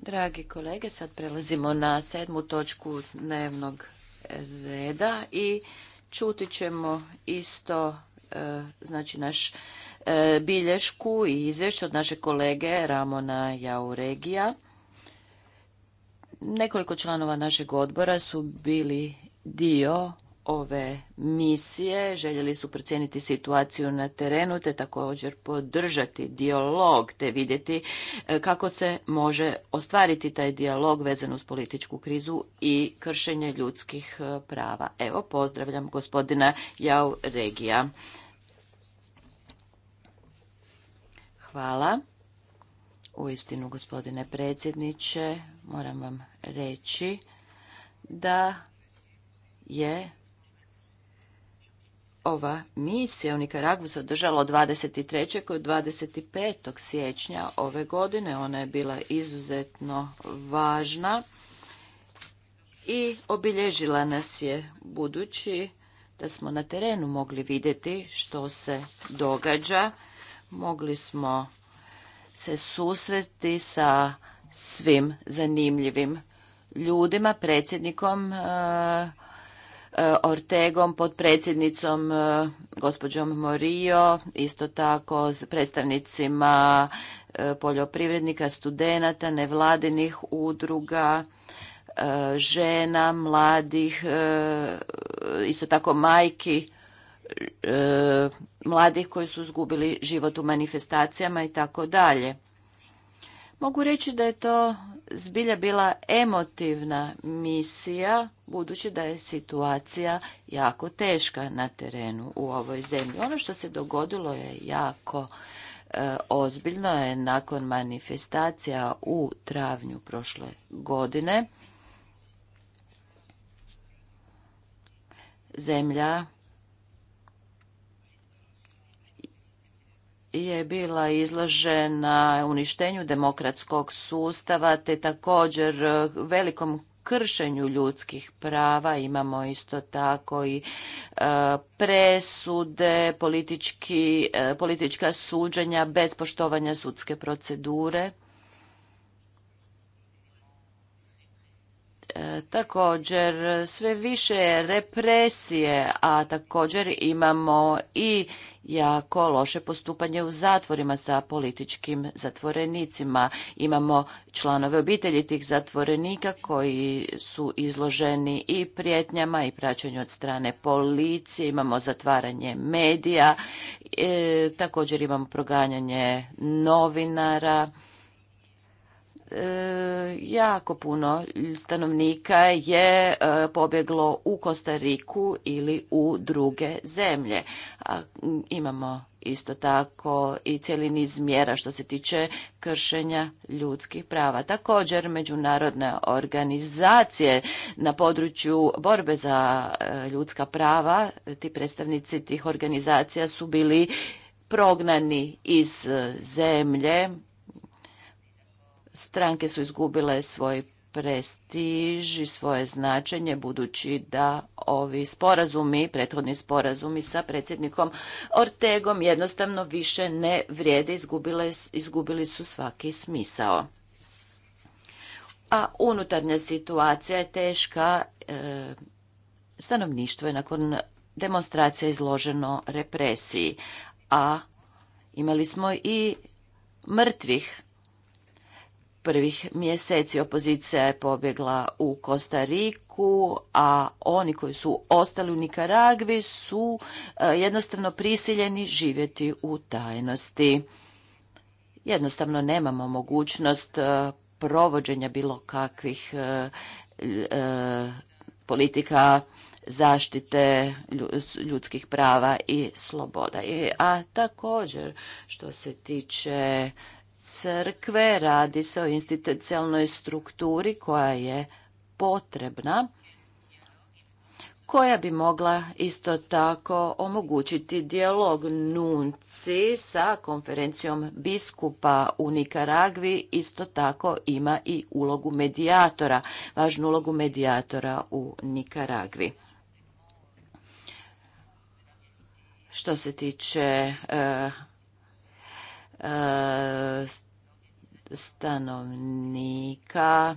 Dragi kolege, sad prelazimo na sedmu točku dnevnog reda i čuti ćemo isto e, znači naš e, bilješku i izvješće od naše kolege Ramona Jauregija. Nekoliko članova našeg odbora su bili dio ove misije, željeli su procijeniti situaciju na terenu te također podržati dijalog te vidjeti e, kako se može ostvariti taj dijalog vezan uz političku krizu i kršenje ljudskih e, prava. Evo, pozdravljam gospodina Jau Regija. Hvala. Uistinu, gospodine predsjedniče, moram vam reći da je ova misija u Nikaragvu se održala od 23. do 25. siječnja ove godine. Ona je bila izuzetno važna i obilježila nas je budući da smo na terenu mogli vidjeti što se događa. Mogli smo se susresti sa svim zanimljivim ljudima, predsjednikom eh, Eh, Ortegom, predsjednicom eh, gospođom Morio, isto tako s predstavnicima eh, poljoprivrednika, studenata, nevladinih udruga, žena, mladih, isto tako majki, mladih koji su izgubili život u manifestacijama i tako dalje. Mogu reći da je to zbilja bila emotivna misija, budući da je situacija jako teška na terenu u ovoj zemlji. Ono što se dogodilo je jako e, ozbiljno je nakon manifestacija u travnju prošle godine. Zemlja je bila izložena uništenju demokratskog sustava te također e, velikom kršenju ljudskih prava imamo isto tako i e, presude e, politička suđenja bez poštovanja sudske procedure također sve više represije, a također imamo i jako loše postupanje u zatvorima sa političkim zatvorenicima. Imamo članove obitelji tih zatvorenika koji su izloženi i prijetnjama i praćenju od strane policije, imamo zatvaranje medija, e, također imamo proganjanje novinara E, jako puno stanovnika je e, pobjeglo u Kostariku ili u druge zemlje. imamo isto tako i cijeli niz mjera što se tiče kršenja ljudskih prava. Također međunarodne organizacije na području borbe za e, ljudska prava, ti predstavnici tih organizacija su bili prognani iz zemlje stranke su izgubile svoj prestiž i svoje značenje budući da ovi sporazumi, prethodni sporazumi sa predsjednikom Ortegom jednostavno više ne vrijede, izgubile, izgubili su svaki smisao. A unutarnja situacija je teška, e, stanovništvo je nakon demonstracija izloženo represiji, a imali smo i mrtvih prvih mjeseci opozicija je pobjegla u Kostariku, a oni koji su ostali u Nikaragvi su e, jednostavno prisiljeni živjeti u tajnosti. Jednostavno nemamo mogućnost e, provođenja bilo kakvih e, politika zaštite ljudskih prava i sloboda. A također što se tiče crkve, radi se o institucionalnoj strukturi koja je potrebna, koja bi mogla isto tako omogućiti dijalog Nunci sa konferencijom biskupa u Nikaragvi, isto tako ima i ulogu medijatora, važnu ulogu medijatora u Nikaragvi. Što se tiče eh, E, stanovnika.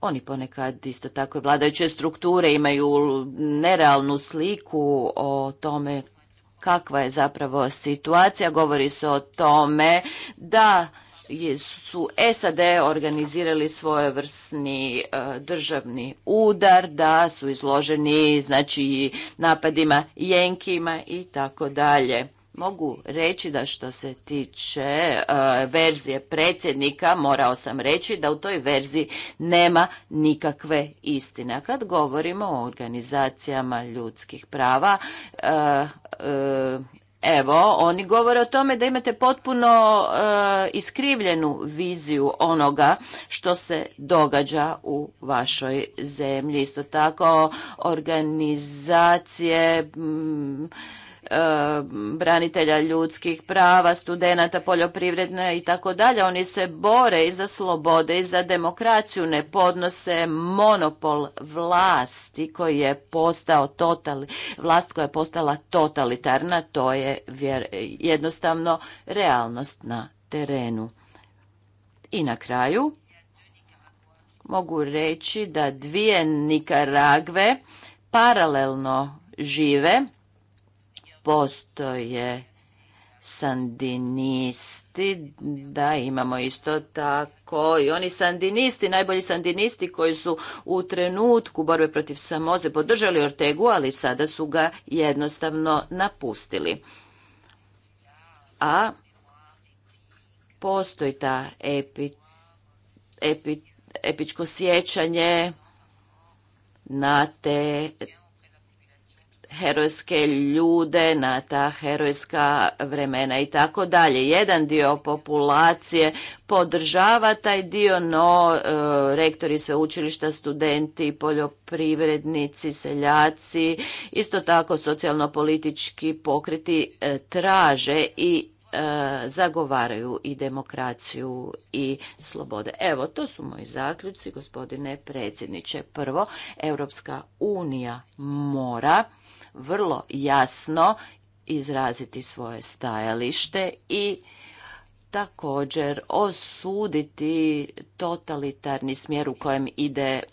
Oni ponekad isto tako vladajuće strukture imaju nerealnu sliku o tome kakva je zapravo situacija. Govori se o tome da su SAD organizirali svojevrsni e, državni udar, da su izloženi znači napadima jenkima i tako dalje. Mogu reći da što se tiče e, verzije predsjednika, morao sam reći da u toj verziji nema nikakve istine. A kad govorimo o organizacijama ljudskih prava, e, e, Evo, oni govore o tome da imate potpuno iskrivljenu viziju onoga što se događa u vašoj zemlji. Isto tako, organizacije branitelja ljudskih prava, studenata, poljoprivredne i tako dalje. Oni se bore i za slobode i za demokraciju, ne podnose monopol vlasti koji je postao totali, vlast koja je postala totalitarna, to je jednostavno realnost na terenu. I na kraju mogu reći da dvije Nikaragve paralelno žive postoje sandinisti, da imamo isto tako i oni sandinisti, najbolji sandinisti koji su u trenutku borbe protiv samoze podržali Ortegu, ali sada su ga jednostavno napustili. A postoji ta epičko sjećanje na te herojske ljude, na ta herojska vremena i tako dalje. Jedan dio populacije podržava taj dio, no rektori rektori sveučilišta, studenti, poljoprivrednici, seljaci, isto tako socijalno-politički pokreti e, traže i e, zagovaraju i demokraciju i slobode. Evo, to su moji zaključci, gospodine predsjedniče. Prvo, Europska unija mora vrlo jasno izraziti svoje stajalište i također osuditi totalitarni smjer u kojem ide e,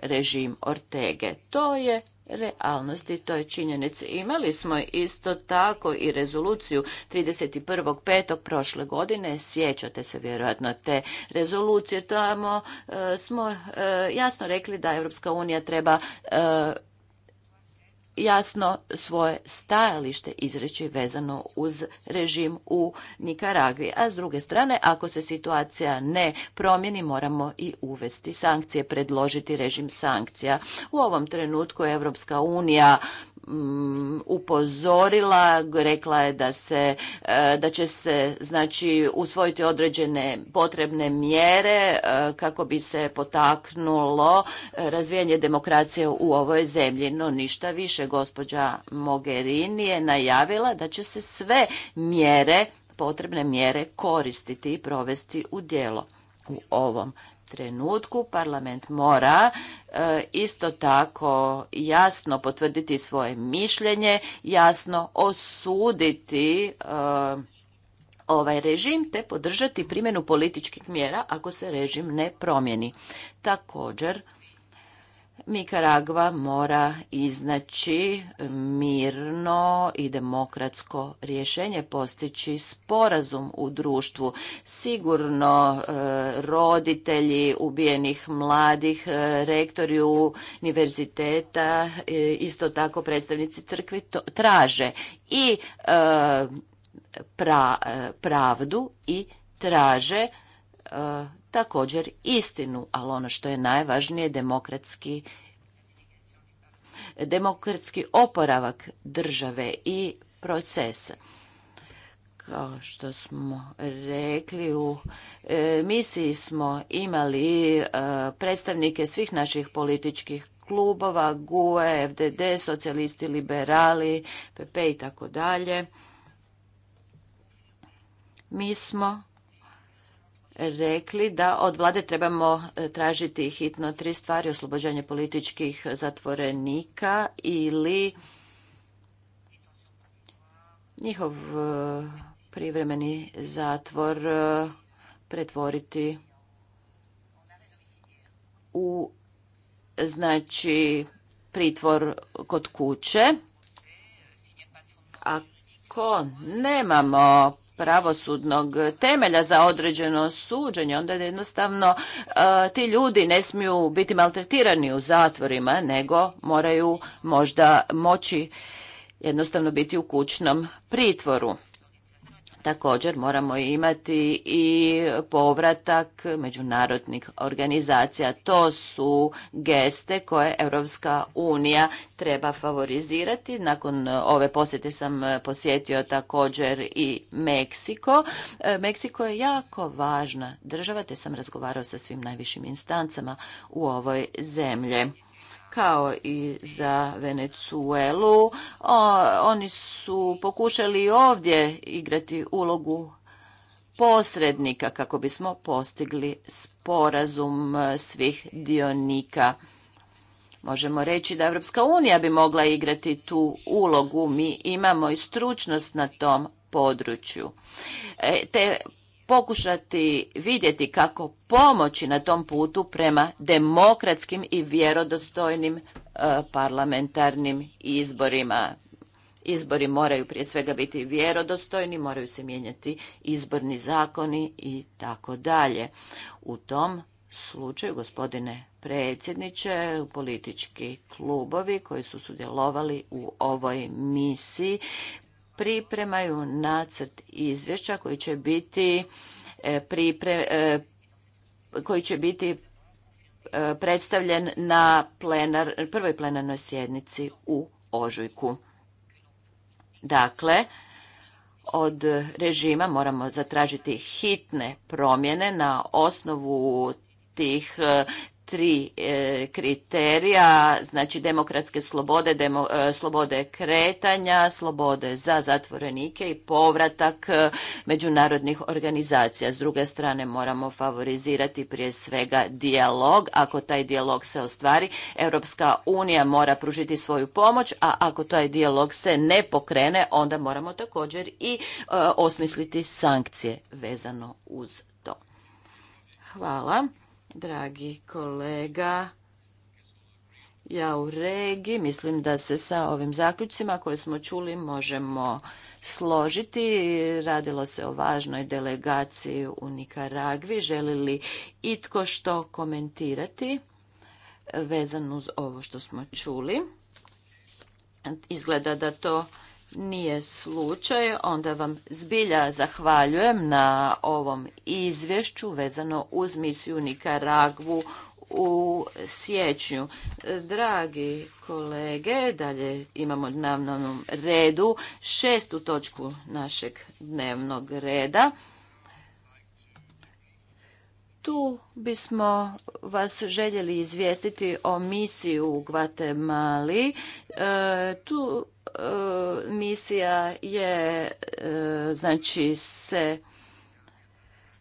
režim Ortege. To je realnosti, to je činjenica. Imali smo isto tako i rezoluciju 31.5. prošle godine, sjećate se vjerojatno te rezolucije, tamo e, smo e, jasno rekli da Europska unija treba jasno svoje stajalište izreći vezano uz režim u Nikaragvi. A s druge strane, ako se situacija ne promjeni, moramo i uvesti sankcije, predložiti režim sankcija. U ovom trenutku Evropska unija Mm, upozorila, rekla je da se e, da će se znači usvojiti određene potrebne mjere e, kako bi se potaknulo razvijanje demokracije u ovoj zemlji. No ništa više gospođa Mogherini je najavila da će se sve mjere potrebne mjere koristiti i provesti u djelo u ovom trenutku parlament mora e, isto tako jasno potvrditi svoje mišljenje, jasno osuditi e, ovaj režim te podržati primjenu političkih mjera ako se režim ne promijeni. Također Nikaragva mora iznaći mirno i demokratsko rješenje, postići sporazum u društvu. Sigurno e, roditelji ubijenih mladih, rektorju rektori univerziteta, e, isto tako predstavnici crkvi traže i e, pravdu i traže također istinu, ali ono što je najvažnije demokratski demokratski oporavak države i procesa kao što smo rekli u e, misiji smo imali e, predstavnike svih naših političkih klubova, GUE, FDD, socijalisti, liberali, PP i tako dalje. Mi smo rekli da od vlade trebamo e, tražiti hitno tri stvari, oslobođenje političkih zatvorenika ili njihov e, privremeni zatvor e, pretvoriti u znači pritvor kod kuće. Ako nemamo pravosudnog temelja za određeno suđenje, onda jednostavno e, ti ljudi ne smiju biti maltretirani u zatvorima, nego moraju možda moći jednostavno biti u kućnom pritvoru. Također moramo imati i povratak međunarodnih organizacija. To su geste koje Europska unija treba favorizirati. Nakon ove posjete sam posjetio također i Meksiko. E, Meksiko je jako važna država, te sam razgovarao sa svim najvišim instancama u ovoj zemlji kao i za Venecuelu. oni su pokušali ovdje igrati ulogu posrednika kako bismo postigli sporazum svih dionika. Možemo reći da Evropska unija bi mogla igrati tu ulogu. Mi imamo i stručnost na tom području. E, te pokušati vidjeti kako pomoći na tom putu prema demokratskim i vjerodostojnim e, parlamentarnim izborima. Izbori moraju prije svega biti vjerodostojni, moraju se mijenjati izborni zakoni i tako dalje. U tom slučaju, gospodine predsjedniče, politički klubovi koji su sudjelovali u ovoj misiji pripremaju nacrt izvješća koji će biti e, e, koji će biti e, predstavljen na prvoj plenarnoj sjednici u ožujku. Dakle, od režima moramo zatražiti hitne promjene na osnovu tih tri e, kriterija, znači demokratske slobode, e, slobode kretanja, slobode za zatvorenike i povratak e, međunarodnih organizacija. S druge strane moramo favorizirati prije svega dijalog. Ako taj dijalog se ostvari, Europska unija mora pružiti svoju pomoć, a ako taj dijalog se ne pokrene, onda moramo također i osmisliti sankcije vezano uz to. Hvala. Dragi kolega, ja u regi mislim da se sa ovim zaključcima koje smo čuli možemo složiti. Radilo se o važnoj delegaciji u Nikaragvi. Želi li itko što komentirati vezano uz ovo što smo čuli? Izgleda da to nije slučaj, onda vam zbilja zahvaljujem na ovom izvješću vezano uz misiju Nikaragvu u siječnju. Dragi kolege, dalje imamo dnevnom redu šestu točku našeg dnevnog reda. Tu bismo vas željeli izvijestiti o misiji u Gvatemali. E, tu e, misija je, e, znači, se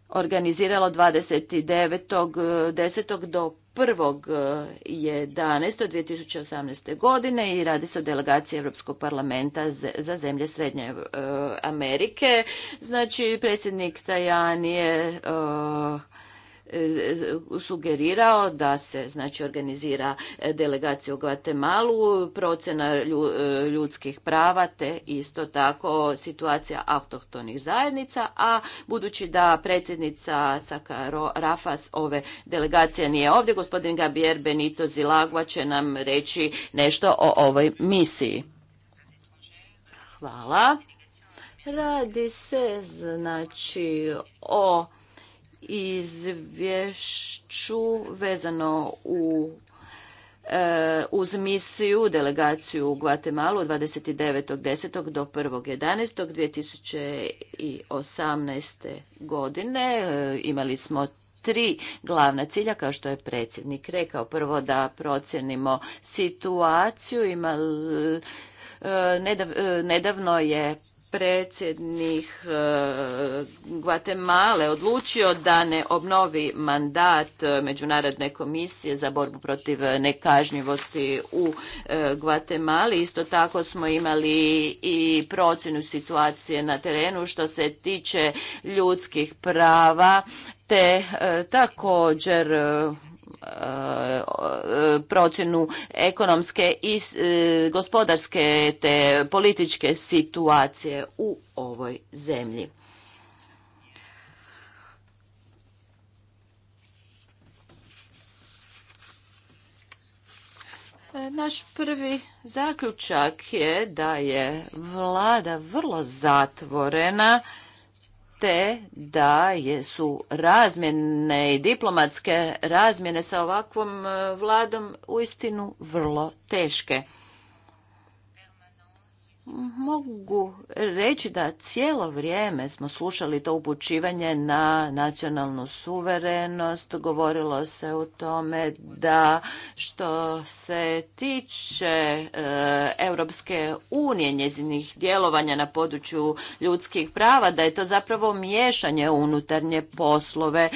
organiziralo 29.10. do 1.11.2018. godine i radi se o delegaciji Europskog parlamenta za zemlje Srednje Amerike. Znači, predsjednik Tajani je sugerirao da se znači organizira e, delegacija u Guatemalu, procena e, ljudskih prava te isto tako situacija autohtonih zajednica, a budući da predsjednica Saka Rafas ove delegacije nije ovdje, gospodin Gabier Benito Zilagva će nam reći nešto o ovoj misiji. Hvala. Radi se znači o izvješću vezano u e, uz misiju, delegaciju u Guatemalu 29.10. do 1.11.2018. godine. E, imali smo tri glavna cilja, kao što je predsjednik rekao. Prvo da procjenimo situaciju. E, nedavno je predsjednik e, Guatemala odlučio da ne obnovi mandat e, Međunarodne komisije za borbu protiv nekažnjivosti u e, Guatemala. Isto tako smo imali i procjenu situacije na terenu što se tiče ljudskih prava te također E, procjenu ekonomske i e, gospodarske te političke situacije u ovoj zemlji. E, naš prvi zaključak je da je vlada vrlo zatvorena te da su razmjene i diplomatske razmjene sa ovakvom eh, vladom uistinu vrlo teške. Mogu reći da cijelo vrijeme smo slušali to upućivanje na nacionalnu suverenost, govorilo se o tome da što se tiče e, Europske unije, njezinih djelovanja na području ljudskih prava, da je to zapravo miješanje unutarnje poslove e,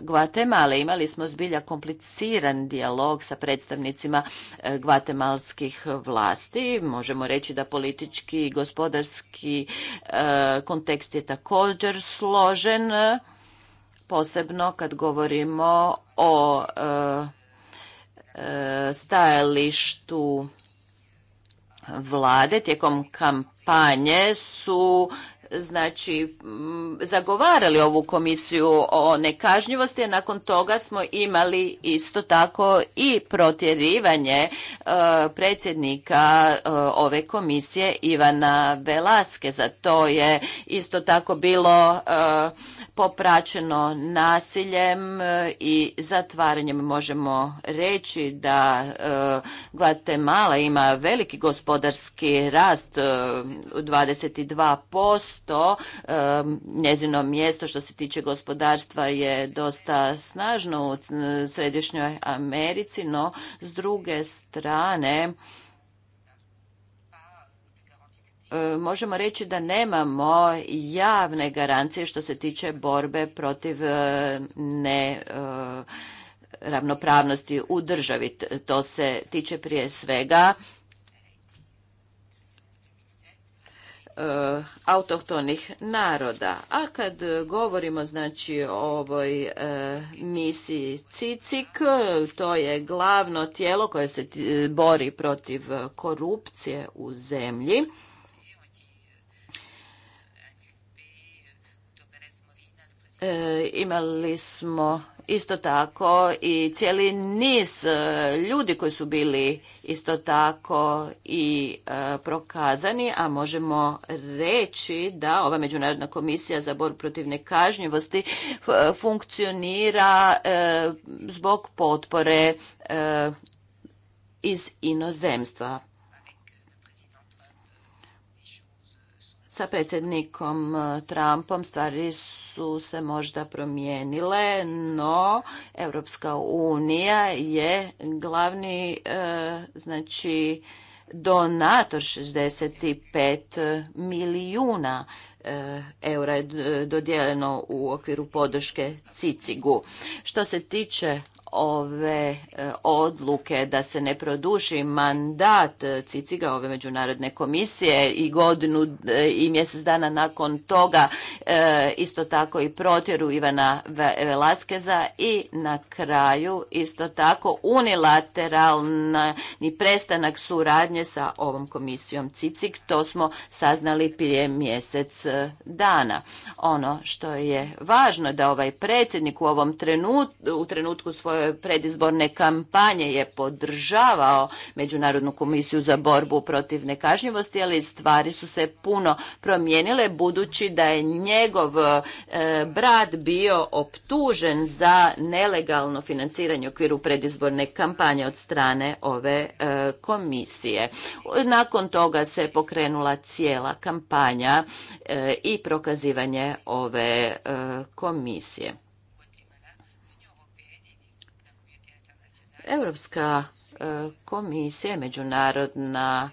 Guatemala. Imali smo zbilja kompliciran dijalog sa predstavnicima e, gvatemalskih vlasti. Možemo reći da politički i gospodarski e, kontekst je također složen, posebno kad govorimo o e, e, stajalištu vlade tijekom kampanje su znači mm, zagovarali ovu komisiju o nekažnjivosti, a nakon toga smo imali isto tako i protjerivanje e, predsjednika e, ove komisije Ivana Velaske. Za to je isto tako bilo e, popraćeno nasiljem e, i zatvaranjem. Možemo reći da e, Guatemala ima veliki gospodarski rast 22%. E, njezino mjesto što se tiče gospodarstva je dosta snažno u Središnjoj Americi, no s druge strane E, možemo reći da nemamo javne garancije što se tiče borbe protiv e, ne e, ravnopravnosti u državi. To se tiče prije svega autohtonih naroda. A kad govorimo znači o ovoj misiji CICIK, to je glavno tijelo koje se bori protiv korupcije u zemlji. E, imali smo isto tako i cijeli niz e, ljudi koji su bili isto tako i e, prokazani, a možemo reći da ova Međunarodna komisija za borbu protiv nekažnjivosti funkcionira zbog potpore iz inozemstva. sa predsjednikom e, Trumpom stvari su se možda promijenile, no Europska unija je glavni e, znači donator 65 milijuna e, eura je dodijeljeno u okviru podrške Cicigu. Što se tiče ove e, odluke da se ne produši mandat Ciciga ove međunarodne komisije i godinu e, i mjesec dana nakon toga e, isto tako i protjeru Ivana Velaskeza i na kraju isto tako unilateralni prestanak suradnje sa ovom komisijom Cicig. To smo saznali prije mjesec dana. Ono što je važno da ovaj predsjednik u ovom trenutku, u trenutku svoje predizborne kampanje je podržavao Međunarodnu komisiju za borbu protiv nekažnjivosti, ali stvari su se puno promijenile budući da je njegov e, brat bio optužen za nelegalno financiranje u okviru predizborne kampanje od strane ove e, komisije. Nakon toga se pokrenula cijela kampanja e, i prokazivanje ove komisije. Europska e, komisija međunarodna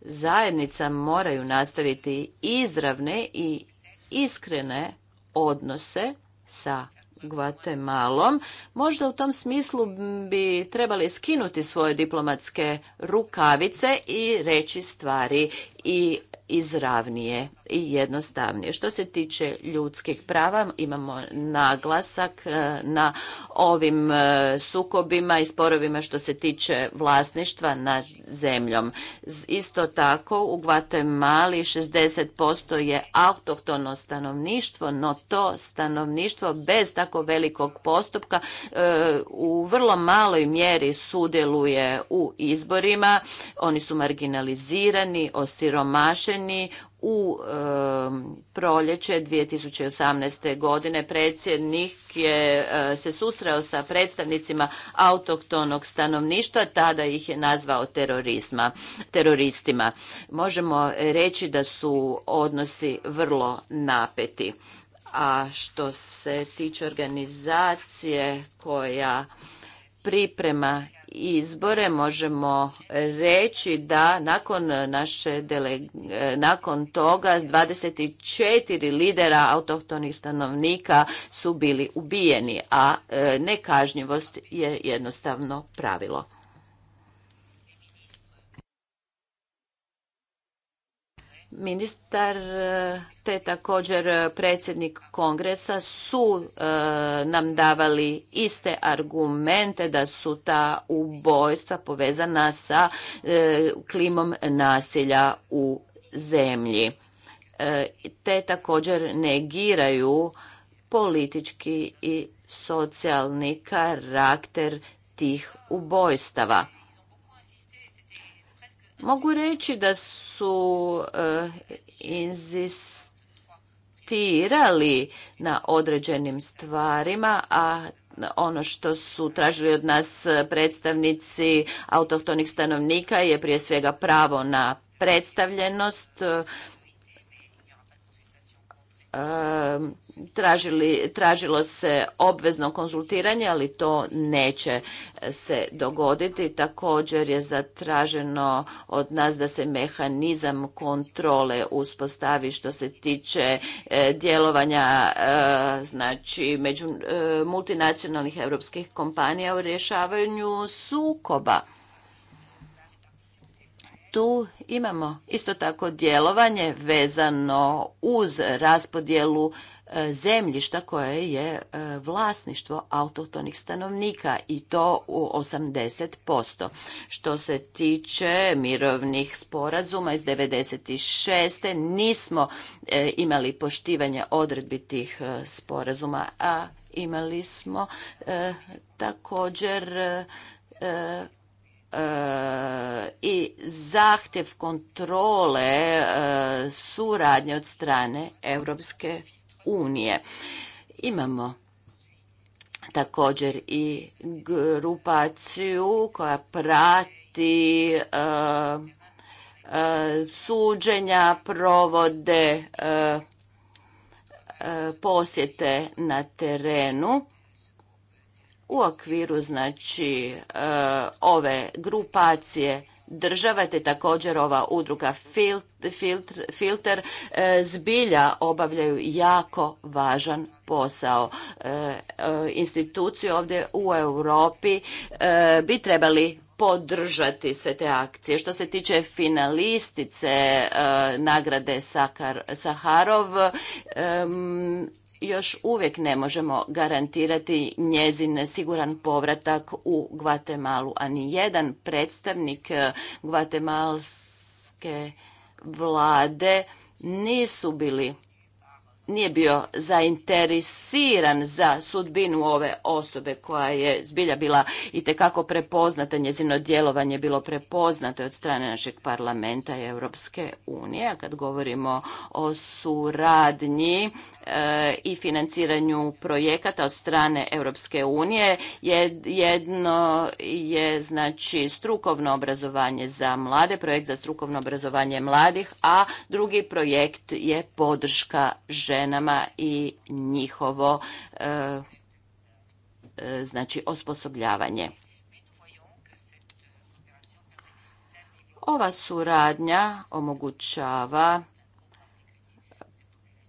zajednica moraju nastaviti izravne i iskrene odnose sa Gvatemalom. Možda u tom smislu bi trebali skinuti svoje diplomatske rukavice i reći stvari i izravnije i jednostavnije. Što se tiče ljudskih prava, imamo naglasak e, na ovim e, sukobima i sporovima što se tiče vlasništva nad zemljom. Isto tako u Gvatemali 60% je autohtono stanovništvo, no to stanovništvo bez tako velikog postupka e, u vrlo maloj mjeri sudjeluje u izborima. Oni su marginalizirani, osiromašeni u e, proljeće 2018. godine predsjednik je e, se susreo sa predstavnicima autoktonog stanovništva, tada ih je nazvao terorizma, teroristima. Možemo reći da su odnosi vrlo napeti. A što se tiče organizacije koja priprema izbore možemo reći da nakon naše dele, eh, nakon toga 24 lidera autohtonih stanovnika su bili ubijeni, a eh, nekažnjivost je jednostavno pravilo. Ministar te također predsjednik kongresa su e, nam davali iste argumente da su ta ubojstva povezana sa e, klimom nasilja u zemlji. E, te također negiraju politički i socijalni karakter tih ubojstava. Mogu reći da su e, inzistirali na određenim stvarima, a ono što su tražili od nas predstavnici autohtonih stanovnika je prije svega pravo na predstavljenost, Tražili, tražilo se obvezno konzultiranje, ali to neće se dogoditi. Također je zatraženo od nas da se mehanizam kontrole uspostavi što se tiče e, djelovanja e, znači među e, multinacionalnih europskih kompanija u rješavanju sukoba tu imamo isto tako djelovanje vezano uz raspodjelu e, zemljišta koje je e, vlasništvo autohtonih stanovnika i to u 80%. Što se tiče mirovnih sporazuma iz 96. nismo e, imali poštivanje odredbi tih sporazuma, a imali smo također E, i zahtjev kontrole e, suradnje od strane Europske unije. Imamo također i grupaciju koja prati e, suđenja, provode posjete na terenu u okviru znači e, ove grupacije država te također ova udruga filter e, zbilja obavljaju jako važan posao e, institucije ovdje u Europi bi trebali podržati sve te akcije. Što se tiče finalistice nagrade Saharov, još uvijek ne možemo garantirati njezin siguran povratak u Gvatemalu, a ni jedan predstavnik eh, gvatemalske vlade nisu bili nije bio zainteresiran za sudbinu ove osobe koja je zbilja bila i tekako prepoznata, njezino djelovanje je bilo prepoznato od strane našeg parlamenta i Europske unije. A kad govorimo o suradnji e, i financiranju projekata od strane Europske unije, jedno je znači strukovno obrazovanje za mlade, projekt za strukovno obrazovanje mladih, a drugi projekt je podrška žena ženama i njihovo e, e, znači osposobljavanje. Ova suradnja omogućava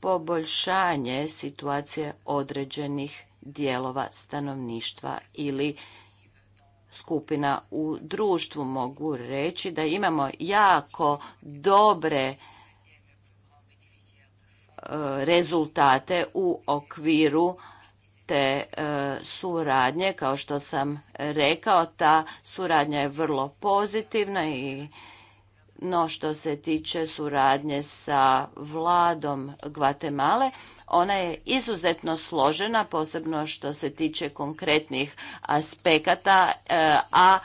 poboljšanje situacije određenih dijelova stanovništva ili skupina u društvu mogu reći da imamo jako dobre E, rezultate u okviru te e, suradnje. Kao što sam rekao, ta suradnja je vrlo pozitivna i no što se tiče suradnje sa vladom Gvatemale, ona je izuzetno složena, posebno što se tiče konkretnih aspekata, e, a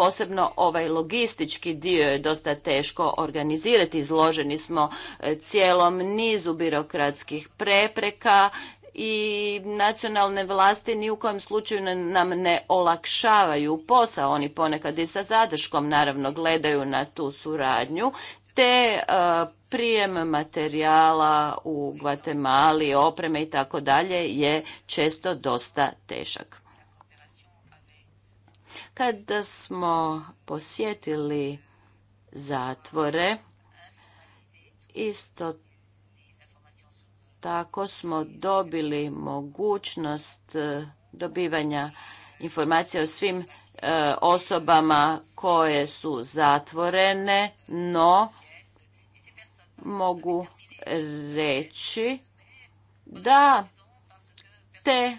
posebno ovaj logistički dio je dosta teško organizirati. Izloženi smo e, cijelom nizu birokratskih prepreka i nacionalne vlasti ni u kojem slučaju nam ne olakšavaju posao. Oni ponekad i sa zadrškom naravno gledaju na tu suradnju te e, prijem materijala u Gvatemali, opreme i tako dalje je često dosta težak. Kada smo posjetili zatvore, isto tako smo dobili mogućnost e, dobivanja informacija o svim e, osobama koje su zatvorene, no mogu reći da te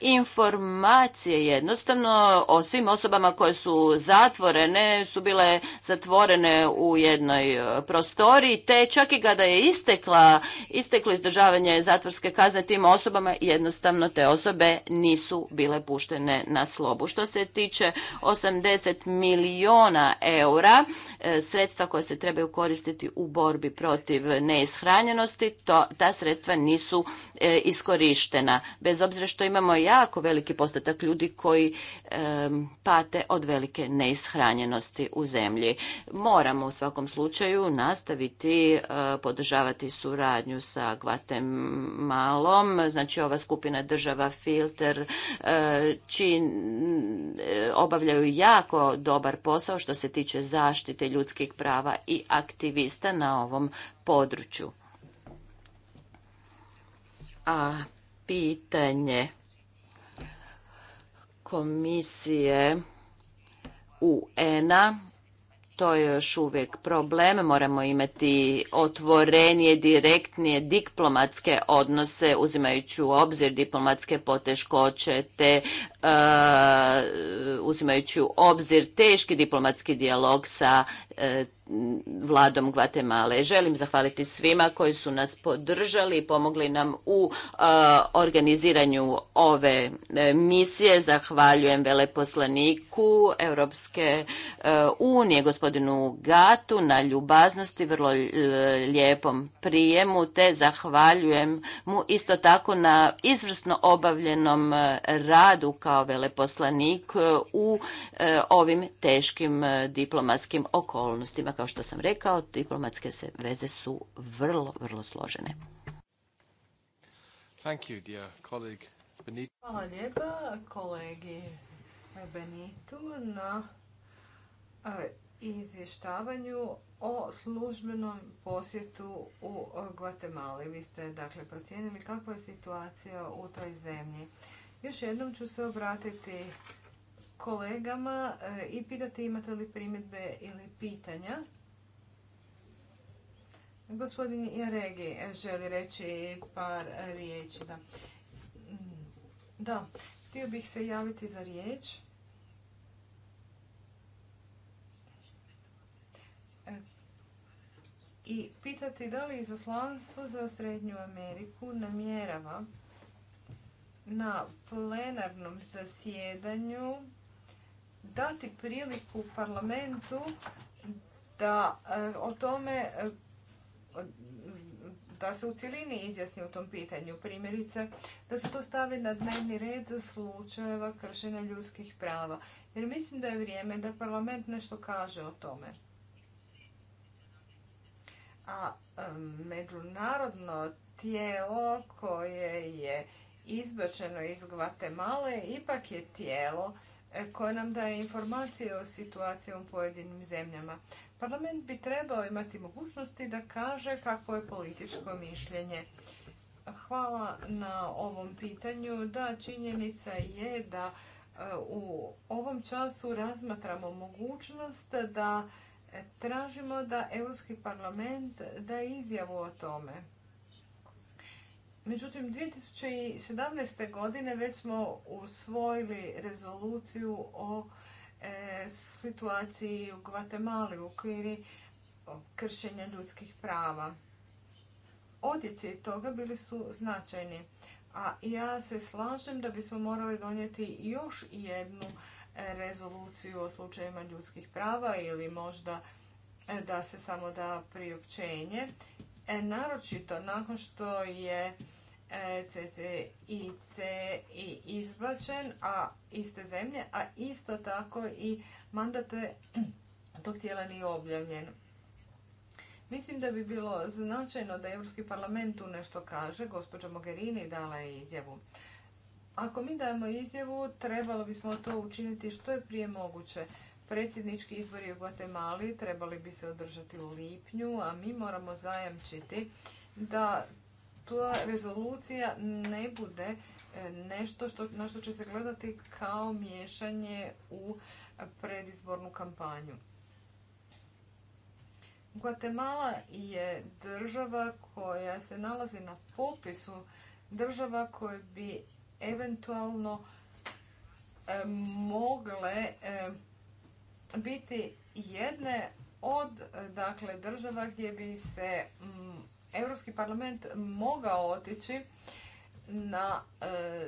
informacije jednostavno o svim osobama koje su zatvorene, su bile zatvorene u jednoj e, prostoriji, te čak i kada je istekla, isteklo izdržavanje zatvorske kazne tim osobama, jednostavno te osobe nisu bile puštene na slobu. Što se tiče 80 milijuna eura, e, sredstva koje se trebaju koristiti u borbi protiv neishranjenosti, ta sredstva nisu e, iskorištena. Bez obzira što imamo jako veliki postatak ljudi koji pate od velike neishranjenosti u zemlji. Moramo u svakom slučaju nastaviti e, podržavati suradnju sa Gvatemalom, znači ova skupina država Filter e, e, obavljaju jako dobar posao što se tiče zaštite ljudskih prava i aktivista na ovom području. A pitanje komisije UN-a to je još uvijek problem. Moramo imati otvorenije, direktnije diplomatske odnose, uzimajući u obzir diplomatske poteškoće, te e, uzimajući u obzir teški diplomatski dijalog sa e, vladom Gvatemale. Želim zahvaliti svima koji su nas podržali i pomogli nam u e, organiziranju ove e, misije. Zahvaljujem veleposlaniku Europske e, unije, gospodinu Gatu, na ljubaznosti, vrlo lijepom prijemu, te zahvaljujem mu isto tako na izvrsno obavljenom radu kao veleposlanik u ovim teškim diplomatskim okolnostima kao što sam rekao, diplomatske se veze su vrlo, vrlo složene. Hvala lijepa kolegi Benitu na e, izvještavanju o službenom posjetu u Guatemala. Vi ste dakle procijenili kakva je situacija u toj zemlji. Još jednom ću se obratiti kolegama e, i pitati imate li primjedbe ili pitanja. Gospodin Jaregi e, želi reći par riječi. Da, mm, da htio bih se javiti za riječ. E, I pitati da li izoslanstvo za Srednju Ameriku namjerava na plenarnom zasjedanju dati priliku parlamentu da eh, o tome eh, da se u cjelini izjasni u tom pitanju. Primjerice, da se to stavi na dnevni red slučajeva kršenja ljudskih prava. Jer mislim da je vrijeme da parlament nešto kaže o tome. A eh, međunarodno tijelo koje je izbačeno iz Gvatemale ipak je tijelo E, koja nam daje informacije o situaciji u pojedinim zemljama. Parlament bi trebao imati mogućnosti da kaže kako je političko mišljenje. Hvala na ovom pitanju. Da, činjenica je da e, u ovom času razmatramo mogućnost da e, tražimo da Europski parlament da izjavu o tome. Međutim, 2017. godine već smo usvojili rezoluciju o e, situaciji u Gvatemali u okviru kršenja ljudskih prava. Odjeci toga bili su značajni, a ja se slažem da bismo morali donijeti još jednu e, rezoluciju o slučajima ljudskih prava ili možda e, da se samo da priopćenje E, naročito nakon što je CCIC e, i izbačen, a iste zemlje, a isto tako i mandat tog tijela nije objavljen. Mislim da bi bilo značajno da Europski parlament tu nešto kaže. Gospođa Mogherini dala je izjavu. Ako mi dajemo izjavu, trebalo bismo to učiniti što je prije moguće. Predsjednički izbori u Guatemala, trebali bi se održati u lipnju, a mi moramo zajamčiti da ta rezolucija ne bude e, nešto što, na što će se gledati kao miješanje u predizbornu kampanju. Guatemala je država koja se nalazi na popisu država koje bi eventualno e, mogle e, biti jedne od dakle, država gdje bi se mm, Europski parlament mogao otići na e,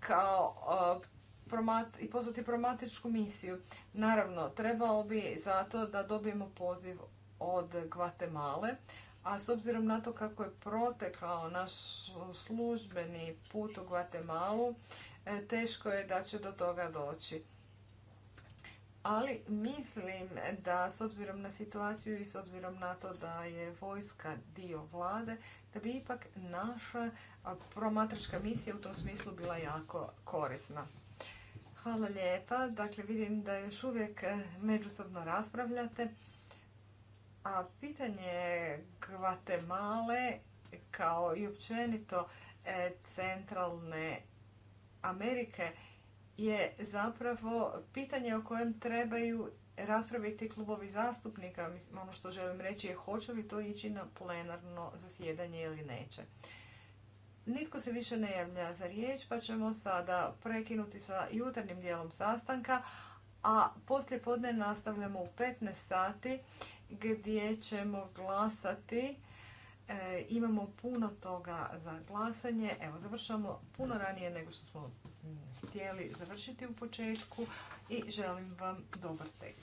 kao e, promat, i poslati promatičku misiju. Naravno, trebalo bi zato da dobijemo poziv od Gvatemale, a s obzirom na to kako je protekao naš službeni put u Gvatemalu, e, teško je da će do toga doći ali mislim da s obzirom na situaciju i s obzirom na to da je vojska dio vlade, da bi ipak naša promatračka misija u tom smislu bila jako korisna. Hvala lijepa. Dakle, vidim da još uvijek e, međusobno raspravljate. A pitanje Gvatemale kao i općenito e, centralne Amerike je zapravo pitanje o kojem trebaju raspraviti klubovi zastupnika. Ono što želim reći je hoće li to ići na plenarno zasjedanje ili neće. Nitko se više ne javlja za riječ, pa ćemo sada prekinuti sa jutarnjim dijelom sastanka, a poslije podne nastavljamo u 15 sati gdje ćemo glasati. E, imamo puno toga za glasanje. Evo, završamo puno ranije nego što smo htjeli završiti u početku i želim vam dobar tek.